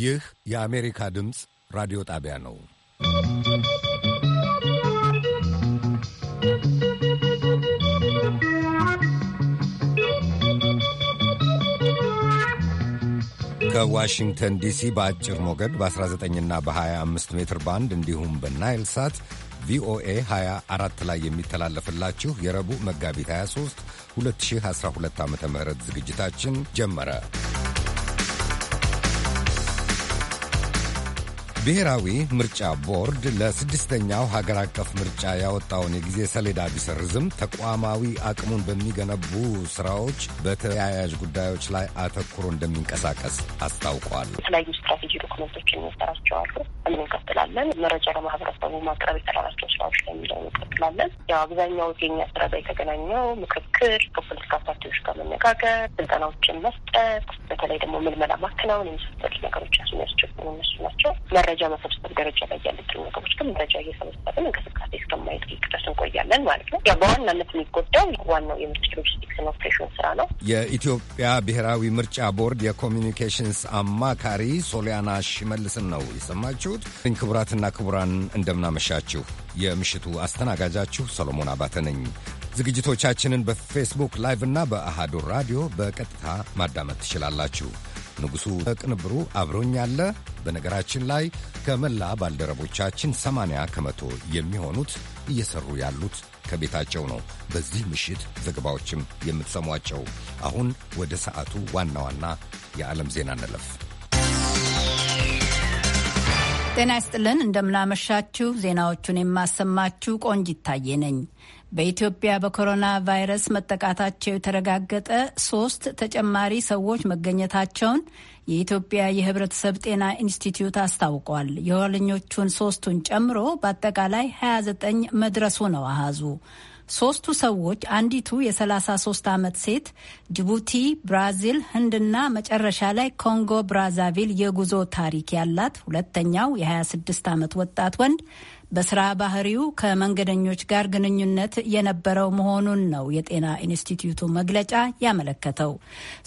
ይህ የአሜሪካ ድምፅ ራዲዮ ጣቢያ ነው። ከዋሽንግተን ዲሲ በአጭር ሞገድ በ19ና በ25 ሜትር ባንድ እንዲሁም በናይል ሳት ቪኦኤ 24 ላይ የሚተላለፍላችሁ የረቡዕ መጋቢት 23 2012 ዓ ም ዝግጅታችን ጀመረ። ብሔራዊ ምርጫ ቦርድ ለስድስተኛው ሀገር አቀፍ ምርጫ ያወጣውን የጊዜ ሰሌዳ ቢሰርዝም ተቋማዊ አቅሙን በሚገነቡ ስራዎች፣ በተያያዥ ጉዳዮች ላይ አተኩሮ እንደሚንቀሳቀስ አስታውቋል። የተለያዩ ስትራቴጂ ዶክመንቶች የሚሰራቸው አሉ። እንቀጥላለን? መረጃ ለማህበረሰቡ ማቅረብ የተላላቸው ስራዎች ላይ የሚለው እንቀጥላለን። ያው አብዛኛው የኛ ስራ ጋር የተገናኘው ምክክር፣ ከፖለቲካ ፓርቲዎች ጋር መነጋገር፣ ስልጠናዎችን መስጠት፣ በተለይ ደግሞ ምልመላ ማከናወን የመሳሰሉት ነገሮች የሚያስቸግሩ እነሱ ናቸው። መረጃ መሰብሰብ ደረጃ ላይ ያለችው ነገሮች ግን መረጃ እየሰበሰብን እንቅስቃሴ እስከማየት ድረስ እንቆያለን ማለት ነው። ያ በዋናነት የሚጎዳው ዋናው የምርጫ ሎጂስቲክስና ኦፕሬሽን ስራ ነው። የኢትዮጵያ ብሔራዊ ምርጫ ቦርድ የኮሚኒኬሽንስ አማካሪ ሶሊያና ሽመልስን ነው የሰማችሁት። ክቡራትና ክቡራን እንደምናመሻችሁ። የምሽቱ አስተናጋጃችሁ ሰሎሞን አባተ ነኝ። ዝግጅቶቻችንን በፌስቡክ ላይቭ እና በአሃዱ ራዲዮ በቀጥታ ማዳመጥ ትችላላችሁ። ንጉሡ ቅንብሩ አብሮኛለ። በነገራችን ላይ ከመላ ባልደረቦቻችን 80 ከመቶ የሚሆኑት እየሰሩ ያሉት ከቤታቸው ነው። በዚህ ምሽት ዘገባዎችም የምትሰሟቸው። አሁን ወደ ሰዓቱ ዋና ዋና የዓለም ዜና እንለፍ። ጤና ይስጥልን። እንደምናመሻችሁ። ዜናዎቹን የማሰማችሁ ቆንጅ ይታየ ነኝ። በኢትዮጵያ በኮሮና ቫይረስ መጠቃታቸው የተረጋገጠ ሶስት ተጨማሪ ሰዎች መገኘታቸውን የኢትዮጵያ የሕብረተሰብ ጤና ኢንስቲትዩት አስታውቋል። የኋለኞቹን ሶስቱን ጨምሮ በአጠቃላይ 29 መድረሱ ነው አሃዙ። ሶስቱ ሰዎች አንዲቱ የ33 ዓመት ሴት ጅቡቲ፣ ብራዚል፣ ህንድና መጨረሻ ላይ ኮንጎ ብራዛቪል የጉዞ ታሪክ ያላት፣ ሁለተኛው የ26 ዓመት ወጣት ወንድ በስራ ባህሪው ከመንገደኞች ጋር ግንኙነት የነበረው መሆኑን ነው የጤና ኢንስቲትዩቱ መግለጫ ያመለከተው።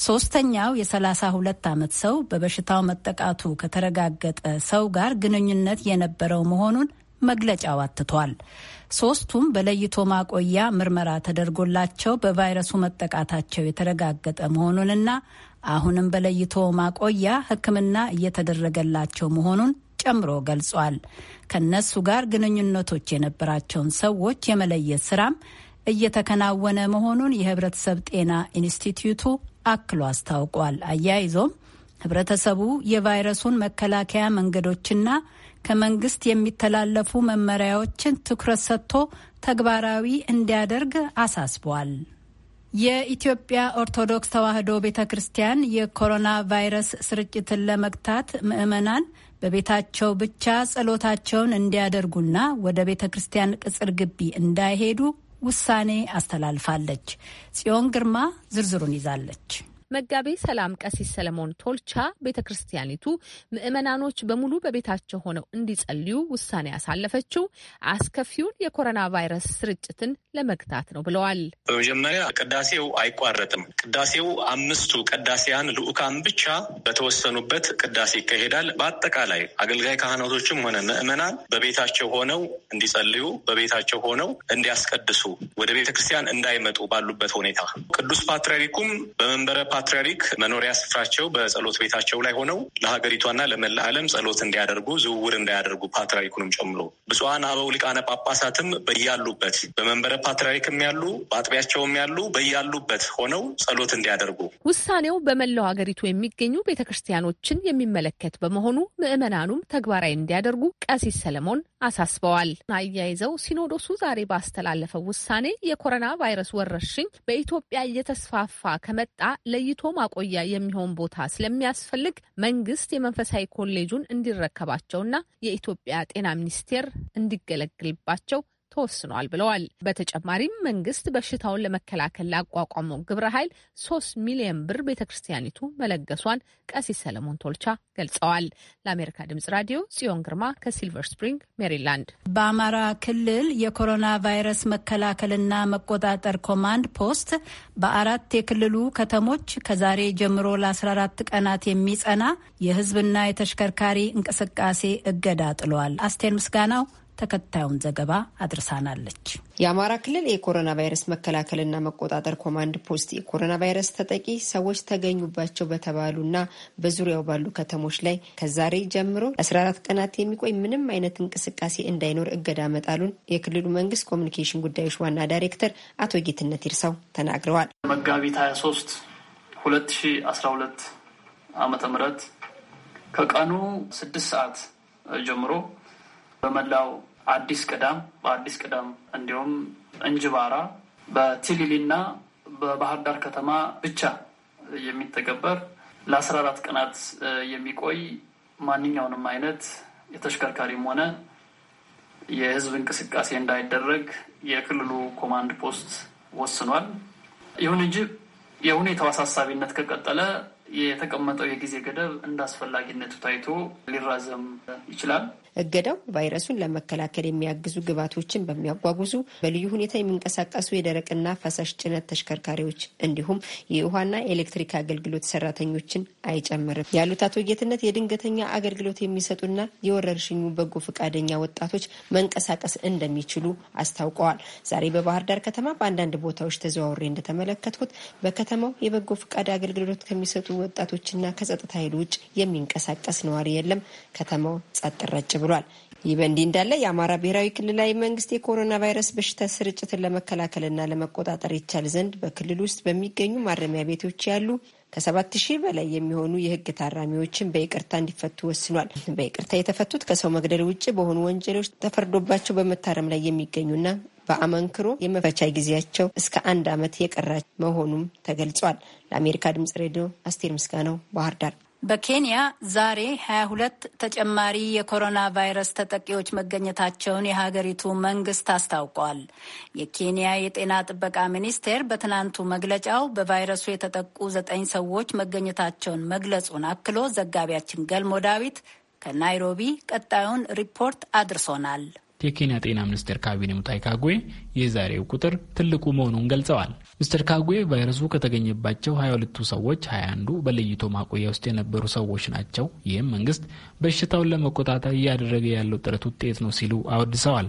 ሶስተኛው የ32 ዓመት ሰው በበሽታው መጠቃቱ ከተረጋገጠ ሰው ጋር ግንኙነት የነበረው መሆኑን መግለጫው አትቷል። ሶስቱም በለይቶ ማቆያ ምርመራ ተደርጎላቸው በቫይረሱ መጠቃታቸው የተረጋገጠ መሆኑንና አሁንም በለይቶ ማቆያ ሕክምና እየተደረገላቸው መሆኑን ጨምሮ ገልጿል። ከነሱ ጋር ግንኙነቶች የነበራቸውን ሰዎች የመለየት ስራም እየተከናወነ መሆኑን የህብረተሰብ ጤና ኢንስቲትዩቱ አክሎ አስታውቋል። አያይዞም ህብረተሰቡ የቫይረሱን መከላከያ መንገዶችና ከመንግስት የሚተላለፉ መመሪያዎችን ትኩረት ሰጥቶ ተግባራዊ እንዲያደርግ አሳስቧል። የኢትዮጵያ ኦርቶዶክስ ተዋሕዶ ቤተ ክርስቲያን የኮሮና ቫይረስ ስርጭትን ለመግታት ምዕመናን በቤታቸው ብቻ ጸሎታቸውን እንዲያደርጉና ወደ ቤተ ክርስቲያን ቅጽር ግቢ እንዳይሄዱ ውሳኔ አስተላልፋለች። ጽዮን ግርማ ዝርዝሩን ይዛለች። መጋቤ ሰላም ቀሲስ ሰለሞን ቶልቻ ቤተ ክርስቲያኒቱ ምዕመናኖች በሙሉ በቤታቸው ሆነው እንዲጸልዩ ውሳኔ ያሳለፈችው አስከፊውን የኮሮና ቫይረስ ስርጭትን ለመግታት ነው ብለዋል። በመጀመሪያ ቅዳሴው አይቋረጥም። ቅዳሴው አምስቱ ቅዳሴያን ልዑካን ብቻ በተወሰኑበት ቅዳሴ ይካሄዳል። በአጠቃላይ አገልጋይ ካህናቶችም ሆነ ምዕመናን በቤታቸው ሆነው እንዲጸልዩ፣ በቤታቸው ሆነው እንዲያስቀድሱ፣ ወደ ቤተ ክርስቲያን እንዳይመጡ ባሉበት ሁኔታ ቅዱስ ፓትርያርኩም በመንበረ ፓትርያርክ መኖሪያ ስፍራቸው በጸሎት ቤታቸው ላይ ሆነው ለሀገሪቷና ለመላ ዓለም ጸሎት እንዲያደርጉ ዝውውር እንዳያደርጉ ፓትርያርኩንም ጨምሮ ብፁዓን አበው ሊቃነ ጳጳሳትም በያሉበት በመንበረ ፓትርያርክም ያሉ በአጥቢያቸውም ያሉ በያሉበት ሆነው ጸሎት እንዲያደርጉ ውሳኔው በመላው ሀገሪቱ የሚገኙ ቤተ ክርስቲያኖችን የሚመለከት በመሆኑ ምዕመናኑም ተግባራዊ እንዲያደርጉ ቀሲስ ሰለሞን አሳስበዋል። አያይዘው ሲኖዶሱ ዛሬ ባስተላለፈው ውሳኔ የኮሮና ቫይረስ ወረርሽኝ በኢትዮጵያ እየተስፋፋ ከመጣ ለ ለለይቶ ማቆያ የሚሆን ቦታ ስለሚያስፈልግ መንግስት የመንፈሳዊ ኮሌጁን እንዲረከባቸውና የኢትዮጵያ ጤና ሚኒስቴር እንዲገለግልባቸው ተወስኗል ብለዋል። በተጨማሪም መንግስት በሽታውን ለመከላከል ላቋቋመው ግብረ ኃይል ሶስት ሚሊዮን ብር ቤተ ክርስቲያኒቱ መለገሷን ቀሲስ ሰለሞን ቶልቻ ገልጸዋል። ለአሜሪካ ድምጽ ራዲዮ ጽዮን ግርማ ከሲልቨር ስፕሪንግ ሜሪላንድ። በአማራ ክልል የኮሮና ቫይረስ መከላከልና መቆጣጠር ኮማንድ ፖስት በአራት የክልሉ ከተሞች ከዛሬ ጀምሮ ለ14 ቀናት የሚጸና የህዝብና የተሽከርካሪ እንቅስቃሴ እገዳ ጥሏል። አስቴር ምስጋናው ተከታዩን ዘገባ አድርሳናለች። የአማራ ክልል የኮሮና ቫይረስ መከላከልና መቆጣጠር ኮማንድ ፖስት የኮሮና ቫይረስ ተጠቂ ሰዎች ተገኙባቸው በተባሉና በዙሪያው ባሉ ከተሞች ላይ ከዛሬ ጀምሮ 14 ቀናት የሚቆይ ምንም አይነት እንቅስቃሴ እንዳይኖር እገዳ መጣሉን የክልሉ መንግስት ኮሚኒኬሽን ጉዳዮች ዋና ዳይሬክተር አቶ ጌትነት ይርሳው ተናግረዋል። መጋቢት 23 2012 ዓመተ ምህረት ከቀኑ 6 ሰዓት ጀምሮ በመላው አዲስ ቅዳም፣ በአዲስ ቅዳም እንዲሁም እንጅባራ በቲሊሊና በባህር ዳር ከተማ ብቻ የሚተገበር ለአስራ አራት ቀናት የሚቆይ ማንኛውንም አይነት የተሽከርካሪም ሆነ የህዝብ እንቅስቃሴ እንዳይደረግ የክልሉ ኮማንድ ፖስት ወስኗል። ይሁን እንጂ የሁኔታው አሳሳቢነት ከቀጠለ የተቀመጠው የጊዜ ገደብ እንደ አስፈላጊነቱ ታይቶ ሊራዘም ይችላል። እገዳው ቫይረሱን ለመከላከል የሚያግዙ ግብዓቶችን በሚያጓጉዙ በልዩ ሁኔታ የሚንቀሳቀሱ የደረቅና ፈሳሽ ጭነት ተሽከርካሪዎች እንዲሁም የውሃና ኤሌክትሪክ አገልግሎት ሰራተኞችን አይጨምርም ያሉት አቶ ጌትነት የድንገተኛ አገልግሎት የሚሰጡና የወረርሽኙ በጎ ፈቃደኛ ወጣቶች መንቀሳቀስ እንደሚችሉ አስታውቀዋል። ዛሬ በባህር ዳር ከተማ በአንዳንድ ቦታዎች ተዘዋውሬ እንደተመለከትኩት በከተማው የበጎ ፈቃድ አገልግሎት ከሚሰጡ ወጣቶችና ከጸጥታ ኃይል ውጭ የሚንቀሳቀስ ነዋሪ የለም። ከተማው ጸጥ ረጭ ብሎ ብሏል። ይህ በእንዲህ እንዳለ የአማራ ብሔራዊ ክልላዊ መንግስት የኮሮና ቫይረስ በሽታ ስርጭትን ለመከላከልና ለመቆጣጠር ይቻል ዘንድ በክልል ውስጥ በሚገኙ ማረሚያ ቤቶች ያሉ ከሰባት ሺህ በላይ የሚሆኑ የህግ ታራሚዎችን በይቅርታ እንዲፈቱ ወስኗል። በይቅርታ የተፈቱት ከሰው መግደል ውጭ በሆኑ ወንጀሎች ተፈርዶባቸው በመታረም ላይ የሚገኙና በአመንክሮ የመፈቻ ጊዜያቸው እስከ አንድ ዓመት የቀራ መሆኑም ተገልጿል። ለአሜሪካ ድምጽ ሬዲዮ አስቴር ምስጋናው ባህር ዳር በኬንያ ዛሬ 22 ተጨማሪ የኮሮና ቫይረስ ተጠቂዎች መገኘታቸውን የሀገሪቱ መንግስት አስታውቋል። የኬንያ የጤና ጥበቃ ሚኒስቴር በትናንቱ መግለጫው በቫይረሱ የተጠቁ ዘጠኝ ሰዎች መገኘታቸውን መግለጹን አክሎ ዘጋቢያችን ገልሞ ዳዊት ከናይሮቢ ቀጣዩን ሪፖርት አድርሶናል። የኬንያ ጤና ሚኒስቴር ካቢኔ ሙታይ ካጉዌ የዛሬው ቁጥር ትልቁ መሆኑን ገልጸዋል። ሚስተር ካጉዌ ቫይረሱ ከተገኘባቸው 22ቱ ሰዎች 21 ንዱ በለይቶ ማቆያ ውስጥ የነበሩ ሰዎች ናቸው። ይህም መንግስት በሽታውን ለመቆጣጠር እያደረገ ያለው ጥረት ውጤት ነው ሲሉ አወድሰዋል።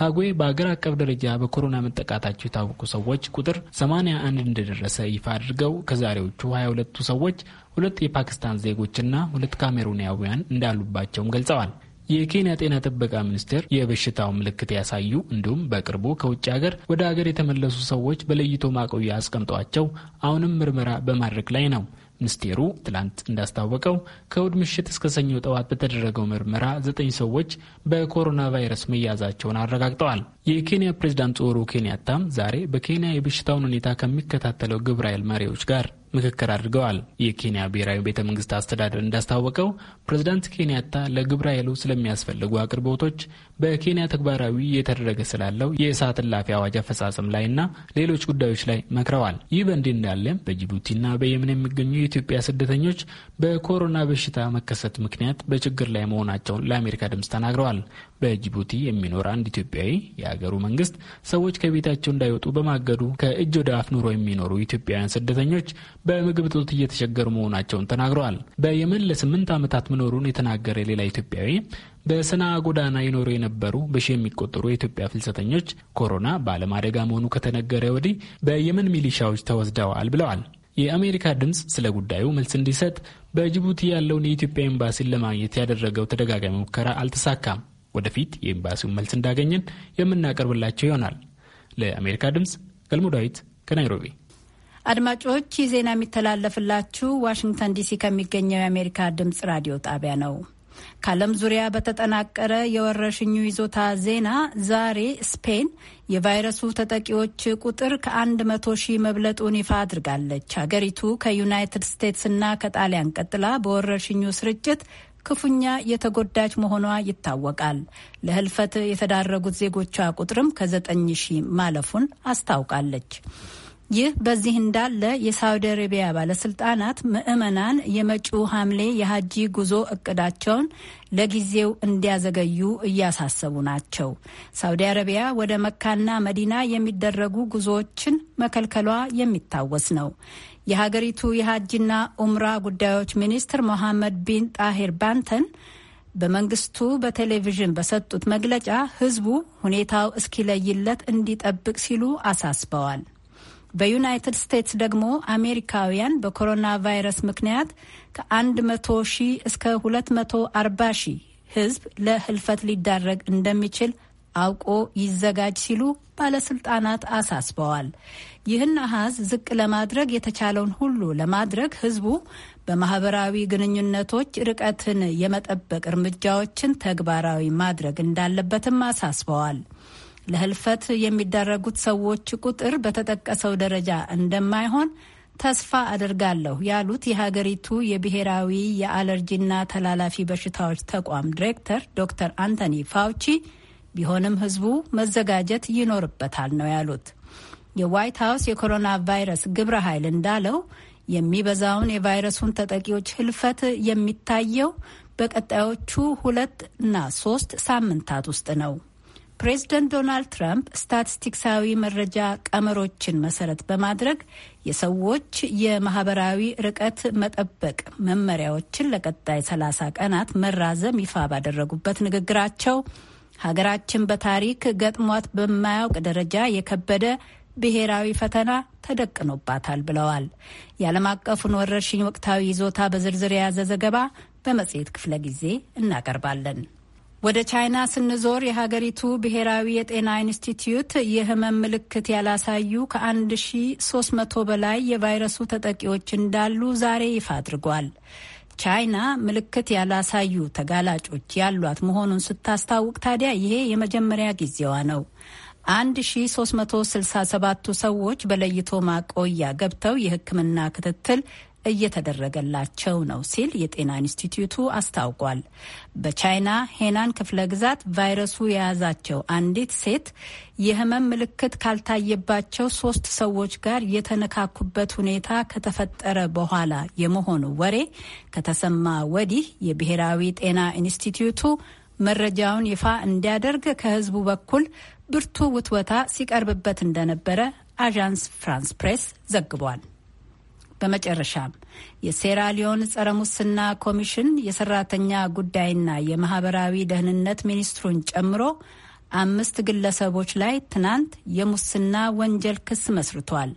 ካጉዌ በአገር አቀፍ ደረጃ በኮሮና መጠቃታቸው የታወቁ ሰዎች ቁጥር 81 እንደደረሰ ይፋ አድርገው ከዛሬዎቹ 22ቱ ሰዎች ሁለት የፓኪስታን ዜጎችና ሁለት ካሜሩናውያን እንዳሉባቸውም ገልጸዋል። የኬንያ ጤና ጥበቃ ሚኒስቴር የበሽታውን ምልክት ያሳዩ እንዲሁም በቅርቡ ከውጭ ሀገር ወደ ሀገር የተመለሱ ሰዎች በለይቶ ማቆያ አስቀምጧቸው አሁንም ምርመራ በማድረግ ላይ ነው። ሚኒስቴሩ ትላንት እንዳስታወቀው ከእሁድ ምሽት እስከ ሰኞ ጠዋት በተደረገው ምርመራ ዘጠኝ ሰዎች በኮሮና ቫይረስ መያዛቸውን አረጋግጠዋል። የኬንያ ፕሬዝዳንት ኡሁሩ ኬንያታም ዛሬ በኬንያ የበሽታውን ሁኔታ ከሚከታተለው ግብረ ኃይል መሪዎች ጋር ምክክር አድርገዋል። የኬንያ ብሔራዊ ቤተ መንግስት አስተዳደር እንዳስታወቀው ፕሬዝዳንት ኬንያታ ለግብረ ኃይሉ ስለሚያስፈልጉ አቅርቦቶች በኬንያ ተግባራዊ እየተደረገ ስላለው የእሳት እላፊ አዋጅ አፈጻጸም እና ሌሎች ጉዳዮች ላይ መክረዋል። ይህ በእንዲህ እንዳለም በጅቡቲና በየመን የሚገኙ የኢትዮጵያ ስደተኞች በኮሮና በሽታ መከሰት ምክንያት በችግር ላይ መሆናቸውን ለአሜሪካ ድምፅ ተናግረዋል። በጅቡቲ የሚኖር አንድ ኢትዮጵያዊ የአገሩ መንግስት ሰዎች ከቤታቸው እንዳይወጡ በማገዱ ከእጅ ወደ አፍ ኑሮ የሚኖሩ ኢትዮጵያውያን ስደተኞች በምግብ እጦት እየተቸገሩ መሆናቸውን ተናግረዋል። በየመን ለስምንት ዓመታት መኖሩን የተናገረ ሌላ ኢትዮጵያዊ በሰና ጎዳና ይኖሩ የነበሩ በሺ የሚቆጠሩ የኢትዮጵያ ፍልሰተኞች ኮሮና በዓለም አደጋ መሆኑ ከተነገረ ወዲህ በየመን ሚሊሻዎች ተወስደዋል ብለዋል። የአሜሪካ ድምፅ ስለ ጉዳዩ መልስ እንዲሰጥ በጅቡቲ ያለውን የኢትዮጵያ ኤምባሲን ለማግኘት ያደረገው ተደጋጋሚ ሙከራ አልተሳካም። ወደፊት የኤምባሲውን መልስ እንዳገኘን የምናቀርብላቸው ይሆናል። ለአሜሪካ ድምፅ ገልሞ ዳዊት ከናይሮቢ። አድማጮች ይህ ዜና የሚተላለፍላችሁ ዋሽንግተን ዲሲ ከሚገኘው የአሜሪካ ድምፅ ራዲዮ ጣቢያ ነው። ከዓለም ዙሪያ በተጠናቀረ የወረሽኙ ይዞታ ዜና ዛሬ ስፔን የቫይረሱ ተጠቂዎች ቁጥር ከ100 ሺህ መብለጡን ይፋ አድርጋለች። ሀገሪቱ ከዩናይትድ ስቴትስና ከጣሊያን ቀጥላ በወረርሽኙ ስርጭት ክፉኛ የተጎዳች መሆኗ ይታወቃል። ለህልፈት የተዳረጉት ዜጎቿ ቁጥርም ከ9 ሺህ ማለፉን አስታውቃለች። ይህ በዚህ እንዳለ የሳውዲ አረቢያ ባለስልጣናት ምዕመናን የመጪው ሐምሌ የሀጂ ጉዞ እቅዳቸውን ለጊዜው እንዲያዘገዩ እያሳሰቡ ናቸው። ሳውዲ አረቢያ ወደ መካና መዲና የሚደረጉ ጉዞዎችን መከልከሏ የሚታወስ ነው። የሀገሪቱ የሀጂና ኡምራ ጉዳዮች ሚኒስትር ሞሐመድ ቢን ጣሂር ባንተን በመንግስቱ በቴሌቪዥን በሰጡት መግለጫ ህዝቡ ሁኔታው እስኪለይለት እንዲጠብቅ ሲሉ አሳስበዋል። በዩናይትድ ስቴትስ ደግሞ አሜሪካውያን በኮሮና ቫይረስ ምክንያት ከ መቶ ሺህ እስከ አርባ ሺህ ህዝብ ለህልፈት ሊዳረግ እንደሚችል አውቆ ይዘጋጅ ሲሉ ባለስልጣናት አሳስበዋል። ይህን አሃዝ ዝቅ ለማድረግ የተቻለውን ሁሉ ለማድረግ ህዝቡ በማህበራዊ ግንኙነቶች ርቀትን የመጠበቅ እርምጃዎችን ተግባራዊ ማድረግ እንዳለበትም አሳስበዋል። ለህልፈት የሚዳረጉት ሰዎች ቁጥር በተጠቀሰው ደረጃ እንደማይሆን ተስፋ አድርጋለሁ ያሉት የሀገሪቱ የብሔራዊ የአለርጂና ተላላፊ በሽታዎች ተቋም ዲሬክተር ዶክተር አንቶኒ ፋውቺ፣ ቢሆንም ህዝቡ መዘጋጀት ይኖርበታል ነው ያሉት። የዋይት ሀውስ የኮሮና ቫይረስ ግብረ ኃይል እንዳለው የሚበዛውን የቫይረሱን ተጠቂዎች ህልፈት የሚታየው በቀጣዮቹ ሁለት እና ሶስት ሳምንታት ውስጥ ነው። ፕሬዝደንት ዶናልድ ትራምፕ ስታቲስቲክሳዊ መረጃ ቀመሮችን መሰረት በማድረግ የሰዎች የማህበራዊ ርቀት መጠበቅ መመሪያዎችን ለቀጣይ 30 ቀናት መራዘም ይፋ ባደረጉበት ንግግራቸው ሀገራችን በታሪክ ገጥሟት በማያውቅ ደረጃ የከበደ ብሔራዊ ፈተና ተደቅኖባታል ብለዋል። የዓለም አቀፉን ወረርሽኝ ወቅታዊ ይዞታ በዝርዝር የያዘ ዘገባ በመጽሔት ክፍለ ጊዜ እናቀርባለን። ወደ ቻይና ስንዞር የሀገሪቱ ብሔራዊ የጤና ኢንስቲትዩት የህመም ምልክት ያላሳዩ ከ1300 በላይ የቫይረሱ ተጠቂዎች እንዳሉ ዛሬ ይፋ አድርጓል። ቻይና ምልክት ያላሳዩ ተጋላጮች ያሏት መሆኑን ስታስታውቅ ታዲያ ይሄ የመጀመሪያ ጊዜዋ ነው። 1367ቱ ሰዎች በለይቶ ማቆያ ገብተው የሕክምና ክትትል እየተደረገላቸው ነው ሲል የጤና ኢንስቲትዩቱ አስታውቋል። በቻይና ሄናን ክፍለ ግዛት ቫይረሱ የያዛቸው አንዲት ሴት የህመም ምልክት ካልታየባቸው ሶስት ሰዎች ጋር የተነካኩበት ሁኔታ ከተፈጠረ በኋላ የመሆኑ ወሬ ከተሰማ ወዲህ የብሔራዊ ጤና ኢንስቲትዩቱ መረጃውን ይፋ እንዲያደርግ ከህዝቡ በኩል ብርቱ ውትወታ ሲቀርብበት እንደነበረ አዣንስ ፍራንስ ፕሬስ ዘግቧል። በመጨረሻም የሴራሊዮን ጸረ ሙስና ኮሚሽን የሰራተኛ ጉዳይና የማህበራዊ ደህንነት ሚኒስትሩን ጨምሮ አምስት ግለሰቦች ላይ ትናንት የሙስና ወንጀል ክስ መስርቷል።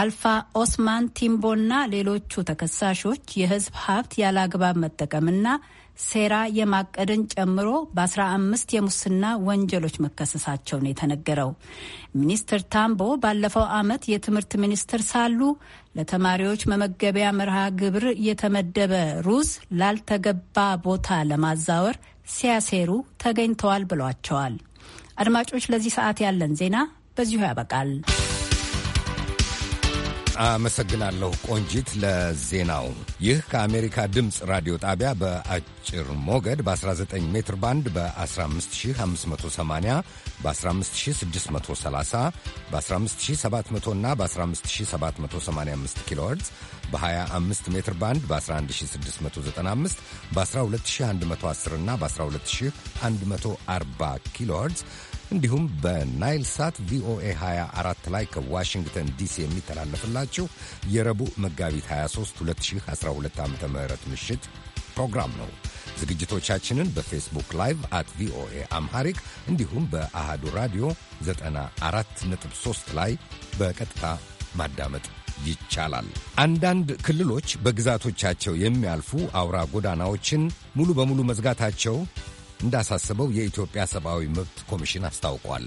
አልፋ ኦስማን ቲምቦና ሌሎቹ ተከሳሾች የህዝብ ሀብት ያለ አግባብ መጠቀምና ሴራ የማቀድን ጨምሮ በ15 የሙስና ወንጀሎች መከሰሳቸው ነው የተነገረው። ሚኒስትር ታምቦ ባለፈው ዓመት የትምህርት ሚኒስትር ሳሉ ለተማሪዎች መመገቢያ መርሃ ግብር የተመደበ ሩዝ ላልተገባ ቦታ ለማዛወር ሲያሴሩ ተገኝተዋል ብሏቸዋል። አድማጮች፣ ለዚህ ሰዓት ያለን ዜና በዚሁ ያበቃል። አመሰግናለሁ ቆንጂት ለዜናው። ይህ ከአሜሪካ ድምፅ ራዲዮ ጣቢያ በአጭር ሞገድ በ19 ሜትር ባንድ በ15580 በ15630 በ15700 እና በ15785 ኪሎሄርዝ በ25 ሜትር ባንድ በ11695 በ12110 እና በ12140 ኪሎሄርዝ እንዲሁም በናይል ሳት ቪኦኤ 24 ላይ ከዋሽንግተን ዲሲ የሚተላለፍላችሁ የረቡዕ መጋቢት 23 2012 ዓ ም ምሽት ፕሮግራም ነው። ዝግጅቶቻችንን በፌስቡክ ላይቭ አት ቪኦኤ አምሃሪክ እንዲሁም በአሃዱ ራዲዮ 94.3 ላይ በቀጥታ ማዳመጥ ይቻላል። አንዳንድ ክልሎች በግዛቶቻቸው የሚያልፉ አውራ ጎዳናዎችን ሙሉ በሙሉ መዝጋታቸው እንዳሳሰበው የኢትዮጵያ ሰብአዊ መብት ኮሚሽን አስታውቋል።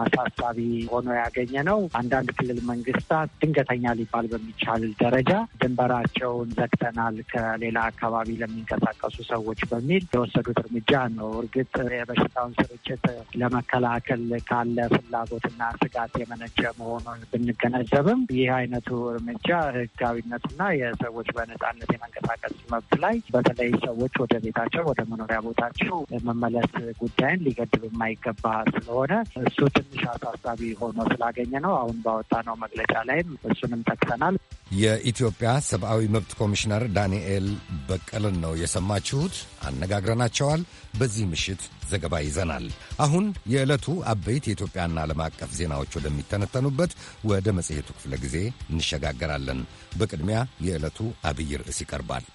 አሳሳቢ ሆኖ ያገኘ ነው። አንዳንድ ክልል መንግስታት ድንገተኛ ሊባል በሚቻል ደረጃ ድንበራቸውን ዘግተናል ከሌላ አካባቢ ለሚንቀሳቀሱ ሰዎች በሚል የወሰዱት እርምጃ ነው። እርግጥ የበሽታውን ስርጭት ለመከላከል ካለ ፍላጎትና ስጋት የመነጨ መሆኑን ብንገነዘብም ይህ አይነቱ እርምጃ ህጋዊነትና የሰዎች በነጻነት የመንቀሳቀስ መብት ላይ በተለይ ሰዎች ወደ ቤታቸው ወደ መኖሪያ ቦታቸው መመለስ ጉዳይን ሊገድብ የማይገባ ስለሆነ እሱ ትንሽ አሳሳቢ ሆኖ ስላገኘ ነው አሁን ባወጣነው መግለጫ ላይም እሱንም ጠቅሰናል። የኢትዮጵያ ሰብአዊ መብት ኮሚሽነር ዳንኤል በቀልን ነው የሰማችሁት። አነጋግረናቸዋል። በዚህ ምሽት ዘገባ ይዘናል። አሁን የዕለቱ አበይት የኢትዮጵያና ዓለም አቀፍ ዜናዎች ወደሚተነተኑበት ወደ መጽሔቱ ክፍለ ጊዜ እንሸጋገራለን። በቅድሚያ የዕለቱ አብይ ርዕስ ይቀርባል።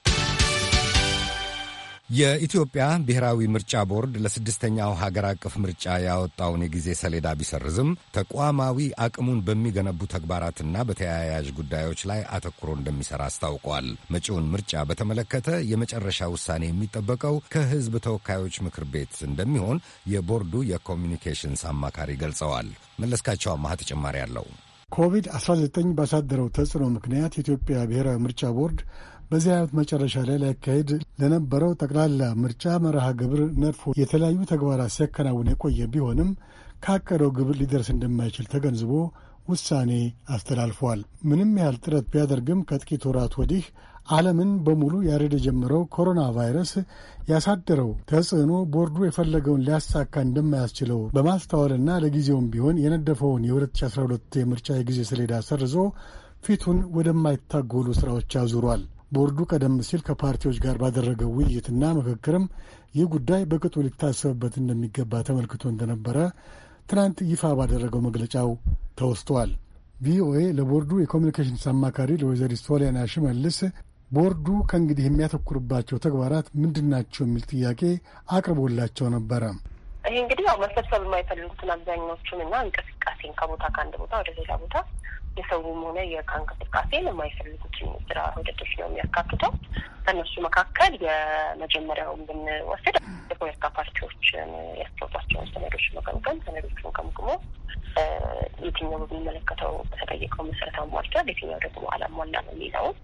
የኢትዮጵያ ብሔራዊ ምርጫ ቦርድ ለስድስተኛው ሀገር አቀፍ ምርጫ ያወጣውን የጊዜ ሰሌዳ ቢሰርዝም ተቋማዊ አቅሙን በሚገነቡ ተግባራትና በተያያዥ ጉዳዮች ላይ አተኩሮ እንደሚሰራ አስታውቋል። መጪውን ምርጫ በተመለከተ የመጨረሻ ውሳኔ የሚጠበቀው ከሕዝብ ተወካዮች ምክር ቤት እንደሚሆን የቦርዱ የኮሚኒኬሽንስ አማካሪ ገልጸዋል። መለስካቸው አማሃ ተጨማሪ አለው። ኮቪድ-19 ባሳደረው ተጽዕኖ ምክንያት የኢትዮጵያ ብሔራዊ ምርጫ ቦርድ በዚህ ዓመት መጨረሻ ላይ ሊያካሄድ ለነበረው ጠቅላላ ምርጫ መርሃ ግብር ነድፎ የተለያዩ ተግባራት ሲያከናውን የቆየ ቢሆንም ካቀደው ግብር ሊደርስ እንደማይችል ተገንዝቦ ውሳኔ አስተላልፏል። ምንም ያህል ጥረት ቢያደርግም ከጥቂት ወራት ወዲህ ዓለምን በሙሉ ያሬድ የጀመረው ኮሮና ቫይረስ ያሳደረው ተጽዕኖ ቦርዱ የፈለገውን ሊያሳካ እንደማያስችለው በማስተዋልና ለጊዜውም ቢሆን የነደፈውን የ2012 የምርጫ የጊዜ ሰሌዳ ሰርዞ ፊቱን ወደማይታጎሉ ስራዎች አዙሯል። ቦርዱ ቀደም ሲል ከፓርቲዎች ጋር ባደረገው ውይይትና ምክክርም ይህ ጉዳይ በቅጡ ሊታሰብበት እንደሚገባ ተመልክቶ እንደነበረ ትናንት ይፋ ባደረገው መግለጫው ተወስቷል። ቪኦኤ ለቦርዱ የኮሚኒኬሽንስ አማካሪ ለወይዘሪ ሶሊያና ሽመልስ ቦርዱ ከእንግዲህ የሚያተኩርባቸው ተግባራት ምንድናቸው የሚል ጥያቄ አቅርቦላቸው ነበረ። ይህ እንግዲህ ያው መሰብሰብ የማይፈልጉትን አብዛኛዎቹን እና እንቅስቃሴን ከቦታ ከአንድ ቦታ ወደ ሌላ ቦታ የሰውም ሆነ የእቃ እንቅስቃሴ የማይፈልጉትን ስራ ሂደቶች ነው የሚያካትተው። ከእነሱ መካከል የመጀመሪያውን ብንወስድ የፖለቲካ ፓርቲዎችን ያስታወጧቸውን ሰነዶች መገምገም፣ ሰነዶቹን ገምግሞ የትኛው በሚመለከተው በተጠየቀው መሰረት አሟልቷል፣ የትኛው ደግሞ ነው የሚለውን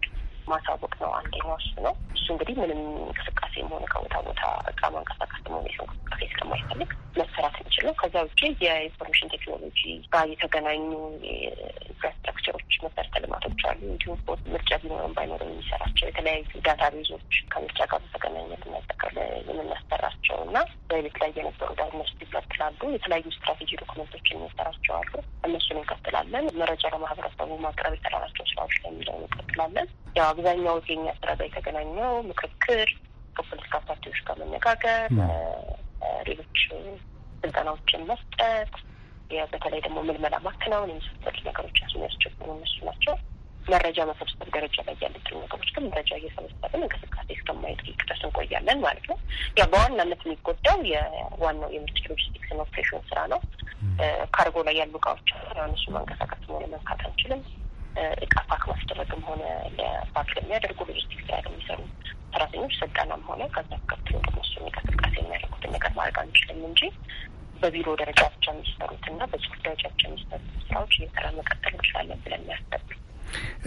ማሳወቅ ነው። አንደኛው እሱ ነው። እሱ እንግዲህ ምንም እንቅስቃሴ መሆን ከቦታ ቦታ እቃ ማንቀሳቀስ መሆን እንቅስቃሴ ስለማይፈልግ መሰራት የሚችለው ከዛ ውጭ የኢንፎርሜሽን ቴክኖሎጂ ጋር የተገናኙ ኢንፍራስትራክቸሮች፣ መሰረተ ልማቶች አሉ። እንዲሁም ምርጫ ቢኖረም ባይኖርም የሚሰራቸው የተለያዩ ዳታ ቤዞች ከምርጫ ጋር በተገናኘ ብናጠቀለ የምናሰራቸው እና በቤት ላይ የነበሩ ዳርነች ይቀጥላሉ። የተለያዩ ስትራቴጂ ዶክመንቶች የሚሰራቸው አሉ። እነሱን እንቀጥላለን። መረጃ ለማህበረሰቡ ማቅረብ የተላላቸው ስራዎች ላይ እንቀጥላለን። ያው አብዛኛው ዜ ስራ ጋር የተገናኘው ምክክር፣ ከፖለቲካ ፓርቲዎች ጋር መነጋገር፣ ሌሎች ስልጠናዎችን መስጠት፣ በተለይ ደግሞ ምልመላ ማከናወን የመሳሰሉት ነገሮች ያሱ የሚያስቸግሩ እነሱ ናቸው። መረጃ መሰብሰብ ደረጃ ላይ ያሉትን ነገሮች ግን መረጃ እየሰበሰብን እንቅስቃሴ እስከማይጠይቅ ድረስ እንቆያለን ማለት ነው። ያ በዋናነት የሚጎዳው የዋናው የምርት ሎጂስቲክስ ኦፕሬሽን ስራ ነው። ካርጎ ላይ ያሉ እቃዎች እነሱ መንቀሳቀስ ሆነ መንካት አንችልም። እቃ ፓክ ማስደረግም ሆነ ለፓክ ለሚያደርጉ ሎጂስቲክስ ላይ የሚሰሩ ሰራተኞች ስልጠናም ሆነ ከዛ ከፍሎ ደግሞ እሱ እንቅስቃሴ የሚያደርጉትን ነገር ማድረግ አንችልም እንጂ በቢሮ ደረጃ ብቻ የሚሰሩትና በጽሁፍ ደረጃ ብቻ የሚሰሩት ስራዎች እየሰራ መቀጠል እንችላለን ብለን ያስጠሉ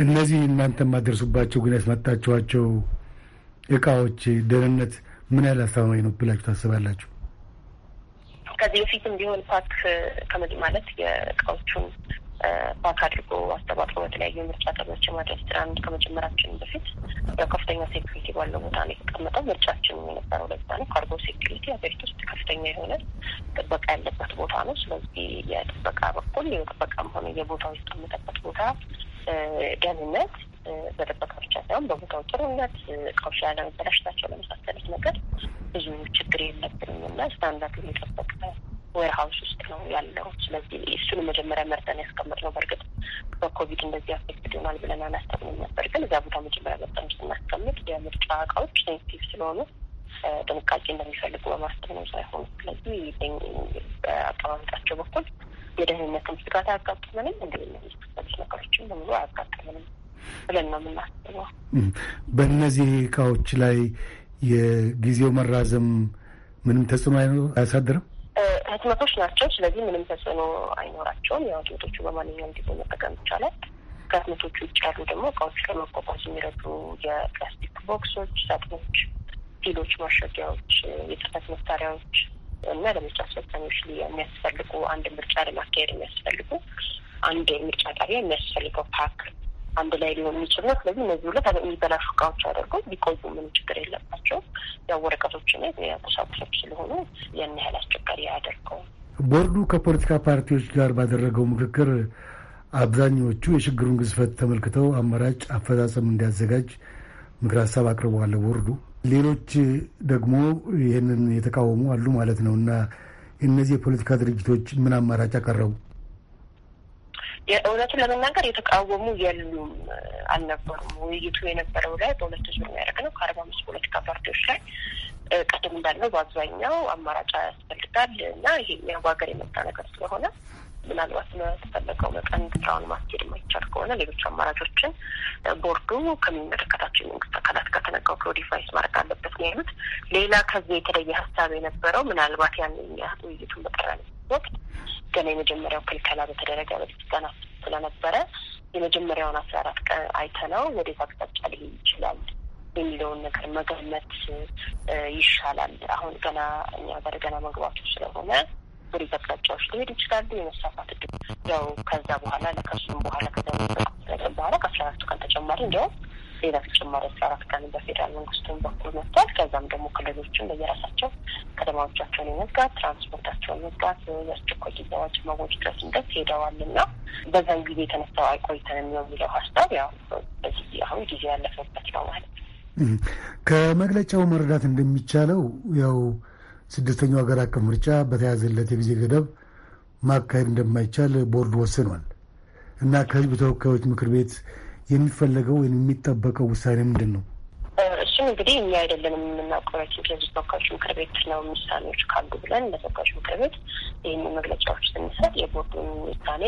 እነዚህ እናንተ የማደርሱባቸው ግን ያስመጣችኋቸው እቃዎች ደህንነት ምን ያህል አስተማማኝ ነው ብላችሁ ታስባላችሁ? ከዚህ በፊትም ቢሆን ፓክ ከመድ ማለት የእቃዎቹን ባክ አድርጎ አስተባብሮ በተለያዩ ምርጫ ቀኖች ማድረግ ስራን ከመጀመራችን በፊት ያው ከፍተኛ ሴኩሪቲ ባለው ቦታ ነው የተቀመጠው። ምርጫችን የነበረው ለዛ ነው። ካርጎ ሴኩሪቲ አገሪት ውስጥ ከፍተኛ የሆነ ጥበቃ ያለበት ቦታ ነው። ስለዚህ የጥበቃ በኩል የጥበቃም ሆነ የቦታው የተቀመጠበት ቦታ ደህንነት በጥበቃ ብቻ ሳይሆን በቦታው ጥሩነት እቃዎች ያለመበላሸታቸው ለመሳሰሉት ነገር ብዙ ችግር የለብንም እና ስታንዳርዱ የጠበቀ ዌርሃውስ ውስጥ ነው ያለው። ስለዚህ እሱን መጀመሪያ መርጠን ያስቀምጥ ነው። በእርግጥ በኮቪድ እንደዚህ አፌክትድ ይሆናል ብለን አናስብንም ነበር። ግን እዛ ቦታ መጀመሪያ መርጠን ስናስቀምጥ የምርጫ እቃዎች ሴንሲቲቭ ስለሆኑ ጥንቃቄ እንደሚፈልጉ በማሰብ ነው ሳይሆኑ። ስለዚህ በአቀማመጣቸው በኩል የደህንነትም ስጋት አያጋጥመንም፣ እንደሚመሳሰሉት ነገሮችን በሙሉ አያጋጥመንም ብለን ነው የምናስበው። በእነዚህ እቃዎች ላይ የጊዜው መራዘም ምንም ተጽዕኖ አያሳድርም። ህትመቶች ናቸው። ስለዚህ ምንም ተጽዕኖ አይኖራቸውም። ያው ህትመቶቹ በማንኛውም ጊዜ መጠቀም ይቻላል። ከህትመቶቹ ውጭ ያሉ ደግሞ እቃዎች ለመጓጓዝ የሚረዱ የፕላስቲክ ቦክሶች፣ ሳጥኖች፣ ፊሎች፣ ማሸጊያዎች፣ የጽህፈት መሳሪያዎች እና ለምርጫ አስፈጻሚዎች የሚያስፈልጉ አንድ ምርጫ ለማካሄድ የሚያስፈልጉ አንድ ምርጫ ጣቢያ የሚያስፈልገው ፓክ አንድ ላይ ሊሆን የሚችል ነው። ስለዚህ እነዚህ ሁለት የሚበላሹ እቃዎች አድርገው ቢቆዩ ምን ችግር የለባቸውም። ያው ወረቀቶችና ቁሳቁሶች ስለሆኑ ያን ያህል አስቸጋሪ አያደርገውም። ቦርዱ ከፖለቲካ ፓርቲዎች ጋር ባደረገው ምክክር አብዛኛዎቹ የችግሩን ግዝፈት ተመልክተው አማራጭ አፈጻጸም እንዲያዘጋጅ ምክር ሀሳብ አቅርበዋል። ቦርዱ ሌሎች ደግሞ ይህንን የተቃወሙ አሉ ማለት ነው እና እነዚህ የፖለቲካ ድርጅቶች ምን አማራጭ አቀረቡ? እውነቱን ለመናገር የተቃወሙ የሉም አልነበሩም። ውይይቱ የነበረው ላይ በሁለት ዙር የሚያደርግ ነው። ከአርባ አምስት ፖለቲካ ፓርቲዎች ላይ ቀደም እንዳልነው በአብዛኛው አማራጭ ያስፈልጋል እና ይሄኛው ሀገር የመጣ ነገር ስለሆነ ምናልባት በተፈለገው መጠን ስራውን ማስኬድ የማይቻል ከሆነ ሌሎች አማራጮችን ቦርዱ ከሚመለከታቸው የመንግስት አካላት ጋር ተነጋው ፕሮዲፋይስ ማድረግ አለበት ነው ያሉት። ሌላ ከዚህ የተለየ ሀሳብ የነበረው ምናልባት ያንኛ ውይይቱን በጠራ ወቅት ገና የመጀመሪያው ክልከላ በተደረገ በፊት ቀናት ስለነበረ የመጀመሪያውን አስራ አራት ቀን አይተነው ወዴት አቅጣጫ ሊሄድ ይችላል የሚለውን ነገር መገመት ይሻላል። አሁን ገና እኛ ጋር ገና መግባቱ ስለሆነ ወዴት አቅጣጫዎች ሊሄድ ይችላሉ የመሳፋት እድል ያው ከዛ በኋላ ለከሱም በኋላ ከዛ በኋላ ከአስራ አራቱ ቀን ተጨማሪ እንዲያውም ሌላ ተጨማሪ አስራ አራት ቀን በፌዴራል መንግስቱን በኩል መጥቷል። ከዛም ደግሞ ክልሎችን በየራሳቸው ከተማዎቻቸውን የመዝጋት ትራንስፖርታቸውን መዝጋት የአስቸኳይ ጊዜ አዋጅ ማወጅ ድረስ እንደት ሄደዋል እና በዛን ጊዜ የተነሳው አይቆይተን የሚለው ሀሳብ ያው በዚህ አሁን ጊዜ ያለፈበት ነው ማለት ነው። ከመግለጫው መረዳት እንደሚቻለው ያው ስድስተኛው ሀገር አቀፍ ምርጫ በተያዘለት የጊዜ ገደብ ማካሄድ እንደማይቻል ቦርድ ወስኗል እና ከህዝብ ተወካዮች ምክር ቤት የሚፈለገው ወይም የሚጠበቀው ውሳኔ ምንድን ነው? እሱም እንግዲህ እኛ አይደለንም የምናውቀው የህዝብ ተወካዮች ምክር ቤት ነው ውሳኔዎች ካሉ ብለን ለተወካዮች ምክር ቤት ይህን መግለጫዎች ስንሰጥ የቦርዱን ውሳኔ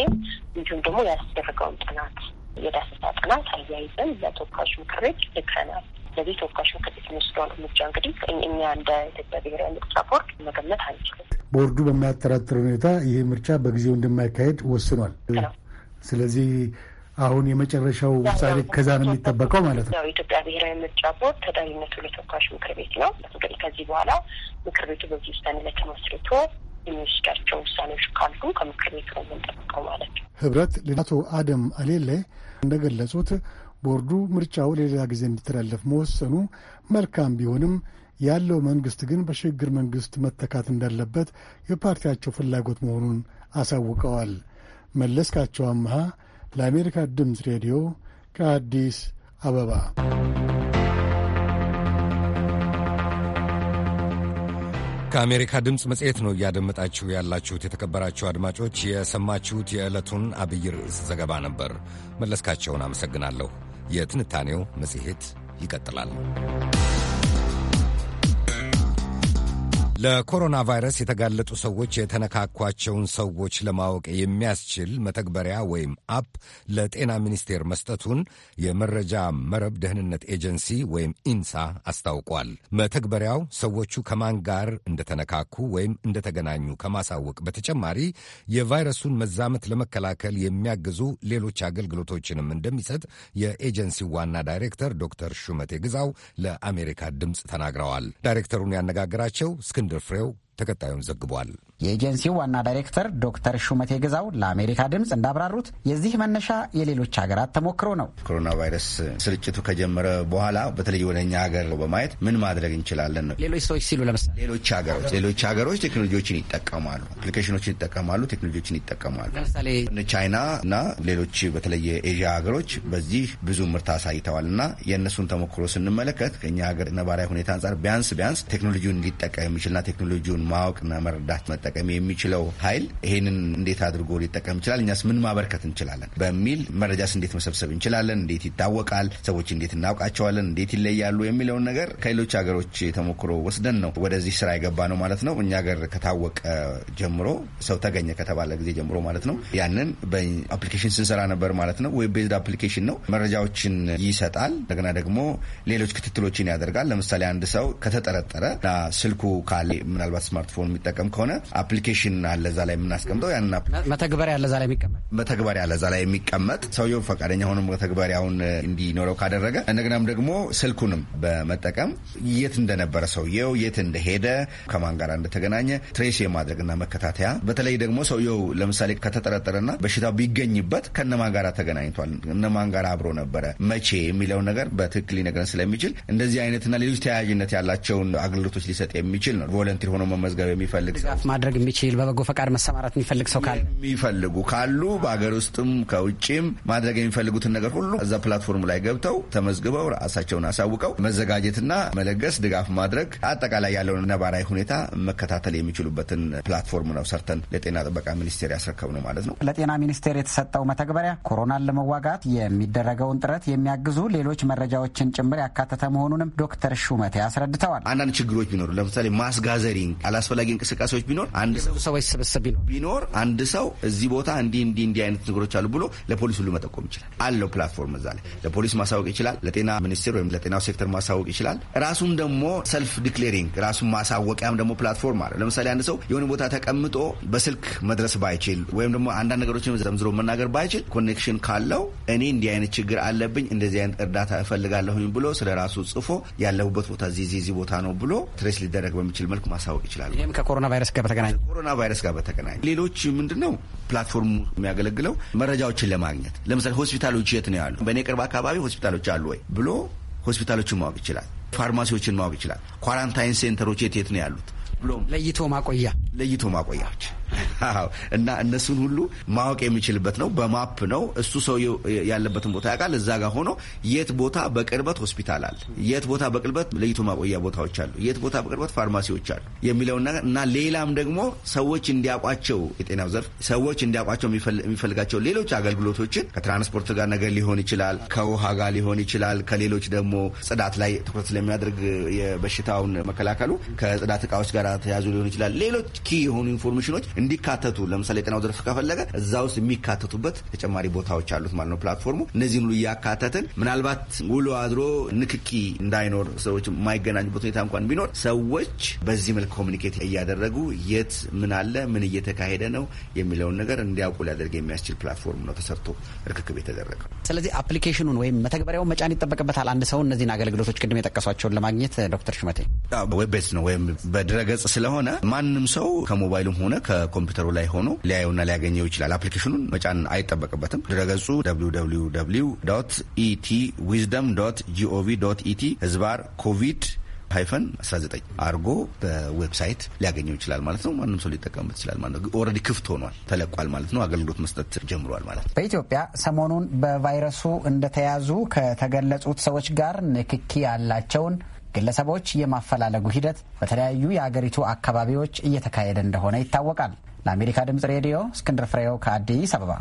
እንዲሁም ደግሞ ያስደረገውን ጥናት የዳሰሳ ጥናት አያይዘን ለተወካዮች ምክር ቤት ልከናል። ስለዚህ ተወካዮች ምክር ቤት የሚወስደውን እርምጃ እንግዲህ እኛ እንደ ኢትዮጵያ ብሔራዊ ምርጫ ቦርድ መገመት አንችልም። ቦርዱ በሚያጠራጥር ሁኔታ ይህ ምርጫ በጊዜው እንደማይካሄድ ወስኗል። ስለዚህ አሁን የመጨረሻው ውሳኔ ከዛ ነው የሚጠበቀው ማለት ነው። የኢትዮጵያ ብሔራዊ ምርጫ ቦርድ ተጠሪነቱ ለተወካዮች ምክር ቤት ነው። እንግዲህ ከዚህ በኋላ ምክር ቤቱ በዚህ ውሳኔ ላይ ተመስርቶ የሚወስዳቸው ውሳኔዎች ካሉ ከምክር ቤቱ ነው የምንጠብቀው ማለት ነው። ህብረት ለአቶ አደም አሌሌ እንደገለጹት ቦርዱ ምርጫው ለሌላ ጊዜ እንዲተላለፍ መወሰኑ መልካም ቢሆንም ያለው መንግስት ግን በሽግግር መንግስት መተካት እንዳለበት የፓርቲያቸው ፍላጎት መሆኑን አሳውቀዋል። መለስካቸው አምሃ ለአሜሪካ ድምፅ ሬዲዮ ከአዲስ አበባ። ከአሜሪካ ድምፅ መጽሔት ነው እያደመጣችሁ ያላችሁት። የተከበራችሁ አድማጮች የሰማችሁት የዕለቱን አብይ ርዕስ ዘገባ ነበር። መለስካቸውን አመሰግናለሁ። የትንታኔው መጽሔት ይቀጥላል። ለኮሮና ቫይረስ የተጋለጡ ሰዎች የተነካኳቸውን ሰዎች ለማወቅ የሚያስችል መተግበሪያ ወይም አፕ ለጤና ሚኒስቴር መስጠቱን የመረጃ መረብ ደህንነት ኤጀንሲ ወይም ኢንሳ አስታውቋል። መተግበሪያው ሰዎቹ ከማን ጋር እንደተነካኩ ወይም እንደተገናኙ ከማሳወቅ በተጨማሪ የቫይረሱን መዛመት ለመከላከል የሚያግዙ ሌሎች አገልግሎቶችንም እንደሚሰጥ የኤጀንሲው ዋና ዳይሬክተር ዶክተር ሹመቴ ግዛው ለአሜሪካ ድምፅ ተናግረዋል። ዳይሬክተሩን ያነጋገራቸው እስክንድር ፍሬው ተከታዩን ዘግቧል። የኤጀንሲው ዋና ዳይሬክተር ዶክተር ሹመቴ ግዛው ለአሜሪካ ድምፅ እንዳብራሩት የዚህ መነሻ የሌሎች ሀገራት ተሞክሮ ነው። ኮሮና ቫይረስ ስርጭቱ ከጀመረ በኋላ በተለይ ወደ እኛ ሀገር በማየት ምን ማድረግ እንችላለን ነው። ሌሎች ሰዎች ሲሉ ለምሳሌ ሌሎች ሀገሮች ሌሎች ሀገሮች ቴክኖሎጂዎችን ይጠቀማሉ፣ አፕሊኬሽኖችን ይጠቀማሉ፣ ቴክኖሎጂዎችን ይጠቀማሉ። ለምሳሌ ቻይና እና ሌሎች በተለየ ኤዥያ ሀገሮች በዚህ ብዙ ምርት አሳይተዋል እና የእነሱን ተሞክሮ ስንመለከት ከእኛ ሀገር ነባራዊ ሁኔታ አንጻር ቢያንስ ቢያንስ ቴክኖሎጂውን ሊጠቀም የሚችልና ቴክኖሎጂውን ማወቅና መረዳት መጠቀም የሚችለው ኃይል ይሄንን እንዴት አድርጎ ሊጠቀም ይችላል፣ እኛስ ምን ማበርከት እንችላለን በሚል መረጃስ እንዴት መሰብሰብ እንችላለን፣ እንዴት ይታወቃል፣ ሰዎች እንዴት እናውቃቸዋለን፣ እንዴት ይለያሉ የሚለውን ነገር ከሌሎች ሀገሮች ተሞክሮ ወስደን ነው ወደዚህ ስራ የገባ ነው ማለት ነው። እኛ ሀገር ከታወቀ ጀምሮ ሰው ተገኘ ከተባለ ጊዜ ጀምሮ ማለት ነው ያንን በአፕሊኬሽን ስንሰራ ነበር ማለት ነው። ዌብ ቤዝድ አፕሊኬሽን ነው። መረጃዎችን ይሰጣል። እንደገና ደግሞ ሌሎች ክትትሎችን ያደርጋል። ለምሳሌ አንድ ሰው ከተጠረጠረ ስልኩ ካለ ምናልባት ስማርትፎን የሚጠቀም ከሆነ አፕሊኬሽን አለ እዛ ላይ የምናስቀምጠው ያንን መተግበሪያ አለ እዛ ላይ የሚቀመጥ መተግበሪያ አለ እዛ ላይ የሚቀመጥ ሰውየው ፈቃደኛ ሆኖ መተግበሪያውን እንዲኖረው ካደረገ እንደገናም ደግሞ ስልኩንም በመጠቀም የት እንደነበረ ሰውየው የት እንደሄደ ከማን ጋር እንደተገናኘ ትሬስ የማድረግና መከታተያ በተለይ ደግሞ ሰውየው ለምሳሌ ከተጠረጠረና በሽታው ቢገኝበት ከነማን ጋር ተገናኝቷል፣ እነማን ጋር አብሮ ነበረ፣ መቼ የሚለው ነገር በትክክል ሊነግረን ስለሚችል እንደዚህ አይነትና ሌሎች ተያያዥነት ያላቸውን አገልግሎቶች ሊሰጥ የሚችል ነው። ቮለንቲር ሆኖ መመዝገብ የሚፈልግ ሰው ማድረግ የሚችል በበጎ ፈቃድ መሰማራት የሚፈልግ ሰው ካለ የሚፈልጉ ካሉ በሀገር ውስጥም ከውጭም ማድረግ የሚፈልጉትን ነገር ሁሉ እዛ ፕላትፎርም ላይ ገብተው ተመዝግበው ራሳቸውን አሳውቀው መዘጋጀትና መለገስ፣ ድጋፍ ማድረግ፣ አጠቃላይ ያለውን ነባራዊ ሁኔታ መከታተል የሚችሉበትን ፕላትፎርም ነው ሰርተን ለጤና ጥበቃ ሚኒስቴር ያስረከብ ነው ማለት ነው። ለጤና ሚኒስቴር የተሰጠው መተግበሪያ ኮሮናን ለመዋጋት የሚደረገውን ጥረት የሚያግዙ ሌሎች መረጃዎችን ጭምር ያካተተ መሆኑንም ዶክተር ሹመቴ አስረድተዋል። አንዳንድ ችግሮች ቢኖሩ ለምሳሌ ማስጋዘሪንግ አላስፈላጊ እንቅስቃሴዎች ቢኖር አንድ ሰዎች ስብስብ ቢኖር አንድ ሰው እዚህ ቦታ እንዲህ እንዲህ እንዲህ አይነት ነገሮች አሉ ብሎ ለፖሊስ ሁሉ መጠቆም ይችላል። አለው ፕላትፎርም እዛ ላይ ለፖሊስ ማሳወቅ ይችላል። ለጤና ሚኒስቴር ወይም ለጤናው ሴክተር ማሳወቅ ይችላል። ራሱም ደግሞ ሰልፍ ዲክሌሪንግ ራሱን ማሳወቂያም ደግሞ ፕላትፎርም አለ። ለምሳሌ አንድ ሰው የሆነ ቦታ ተቀምጦ በስልክ መድረስ ባይችል ወይም ደግሞ አንዳንድ ነገሮችን ዘምዝሮ መናገር ባይችል ኮኔክሽን ካለው እኔ እንዲህ አይነት ችግር አለብኝ እንደዚህ አይነት እርዳታ እፈልጋለሁኝ ብሎ ስለ ራሱ ጽፎ ያለሁበት ቦታ እዚህ እዚህ ቦታ ነው ብሎ ትሬስ ሊደረግ በሚችል መልክ ማሳወቅ ይችላል። ይችላል። ይህም ከኮሮና ቫይረስ ጋር በተገናኘ ኮሮና ቫይረስ ጋር በተገናኘ ሌሎች ምንድን ነው ፕላትፎርሙ የሚያገለግለው መረጃዎችን ለማግኘት ለምሳሌ ሆስፒታሎች የት ነው ያሉ፣ በእኔ ቅርብ አካባቢ ሆስፒታሎች አሉ ወይ ብሎ ሆስፒታሎችን ማወቅ ይችላል። ፋርማሲዎችን ማወቅ ይችላል። ኳራንታይን ሴንተሮች የት የት ነው ያሉት ብሎ ለይቶ ማቆያ ለይቶ ማቆያዎች እና እነሱን ሁሉ ማወቅ የሚችልበት ነው። በማፕ ነው እሱ ሰው ያለበትን ቦታ ያውቃል። እዛ ጋር ሆኖ የት ቦታ በቅርበት ሆስፒታል አለ፣ የት ቦታ በቅርበት ለይቶ ማቆያ ቦታዎች አሉ፣ የት ቦታ በቅርበት ፋርማሲዎች አሉ የሚለውን ነገር እና ሌላም ደግሞ ሰዎች እንዲያውቋቸው የጤናው ዘርፍ ሰዎች እንዲያውቋቸው የሚፈልጋቸው ሌሎች አገልግሎቶችን ከትራንስፖርት ጋር ነገር ሊሆን ይችላል፣ ከውሃ ጋር ሊሆን ይችላል፣ ከሌሎች ደግሞ ጽዳት ላይ ትኩረት ስለሚያደርግ የበሽታውን መከላከሉ ከጽዳት እቃዎች ጋር ተያዙ ሊሆን ይችላል። ሌሎች ኪ የሆኑ ኢንፎርሜሽኖች እንዲካተቱ ለምሳሌ የጤናው ዘርፍ ከፈለገ እዛ ውስጥ የሚካተቱበት ተጨማሪ ቦታዎች አሉት ማለት ነው ፕላትፎርሙ። እነዚህን ሁሉ እያካተትን ምናልባት ውሎ አድሮ ንክኪ እንዳይኖር ሰዎች የማይገናኙበት ሁኔታ እንኳን ቢኖር ሰዎች በዚህ መልክ ኮሚኒኬት እያደረጉ የት ምን አለ ምን እየተካሄደ ነው የሚለውን ነገር እንዲያውቁ ሊያደርግ የሚያስችል ፕላትፎርም ነው ተሰርቶ ርክክብ የተደረገው። ስለዚህ አፕሊኬሽኑን ወይም መተግበሪያውን መጫን ይጠበቅበታል። አንድ ሰው እነዚህን አገልግሎቶች ቅድም የጠቀሷቸውን ለማግኘት ዶክተር ሽመቴ ዌብ ነው ወይም በድረገጽ ስለሆነ ማንም ሰው ከሞባይሉም ሆነ በኮምፒውተሩ ላይ ሆኖ ሊያየውና ሊያገኘው ይችላል። አፕሊኬሽኑን መጫን አይጠበቅበትም። ድረገጹ www ኢቲ ዊዝደም ጂኦቪ ኢቲ ህዝባር ኮቪድ ሃይፈን 19 አድርጎ በዌብሳይት ሊያገኘው ይችላል ማለት ነው። ማንም ሰው ሊጠቀምበት ይችላል ማለት ነው። ኦልሬዲ ክፍት ሆኗል፣ ተለቋል ማለት ነው። አገልግሎት መስጠት ጀምሯል ማለት ነው። በኢትዮጵያ ሰሞኑን በቫይረሱ እንደተያዙ ከተገለጹት ሰዎች ጋር ንክኪ ያላቸውን ግለሰቦች የማፈላለጉ ሂደት በተለያዩ የአገሪቱ አካባቢዎች እየተካሄደ እንደሆነ ይታወቃል። ለአሜሪካ ድምፅ ሬዲዮ እስክንድር ፍሬው ከአዲስ አበባ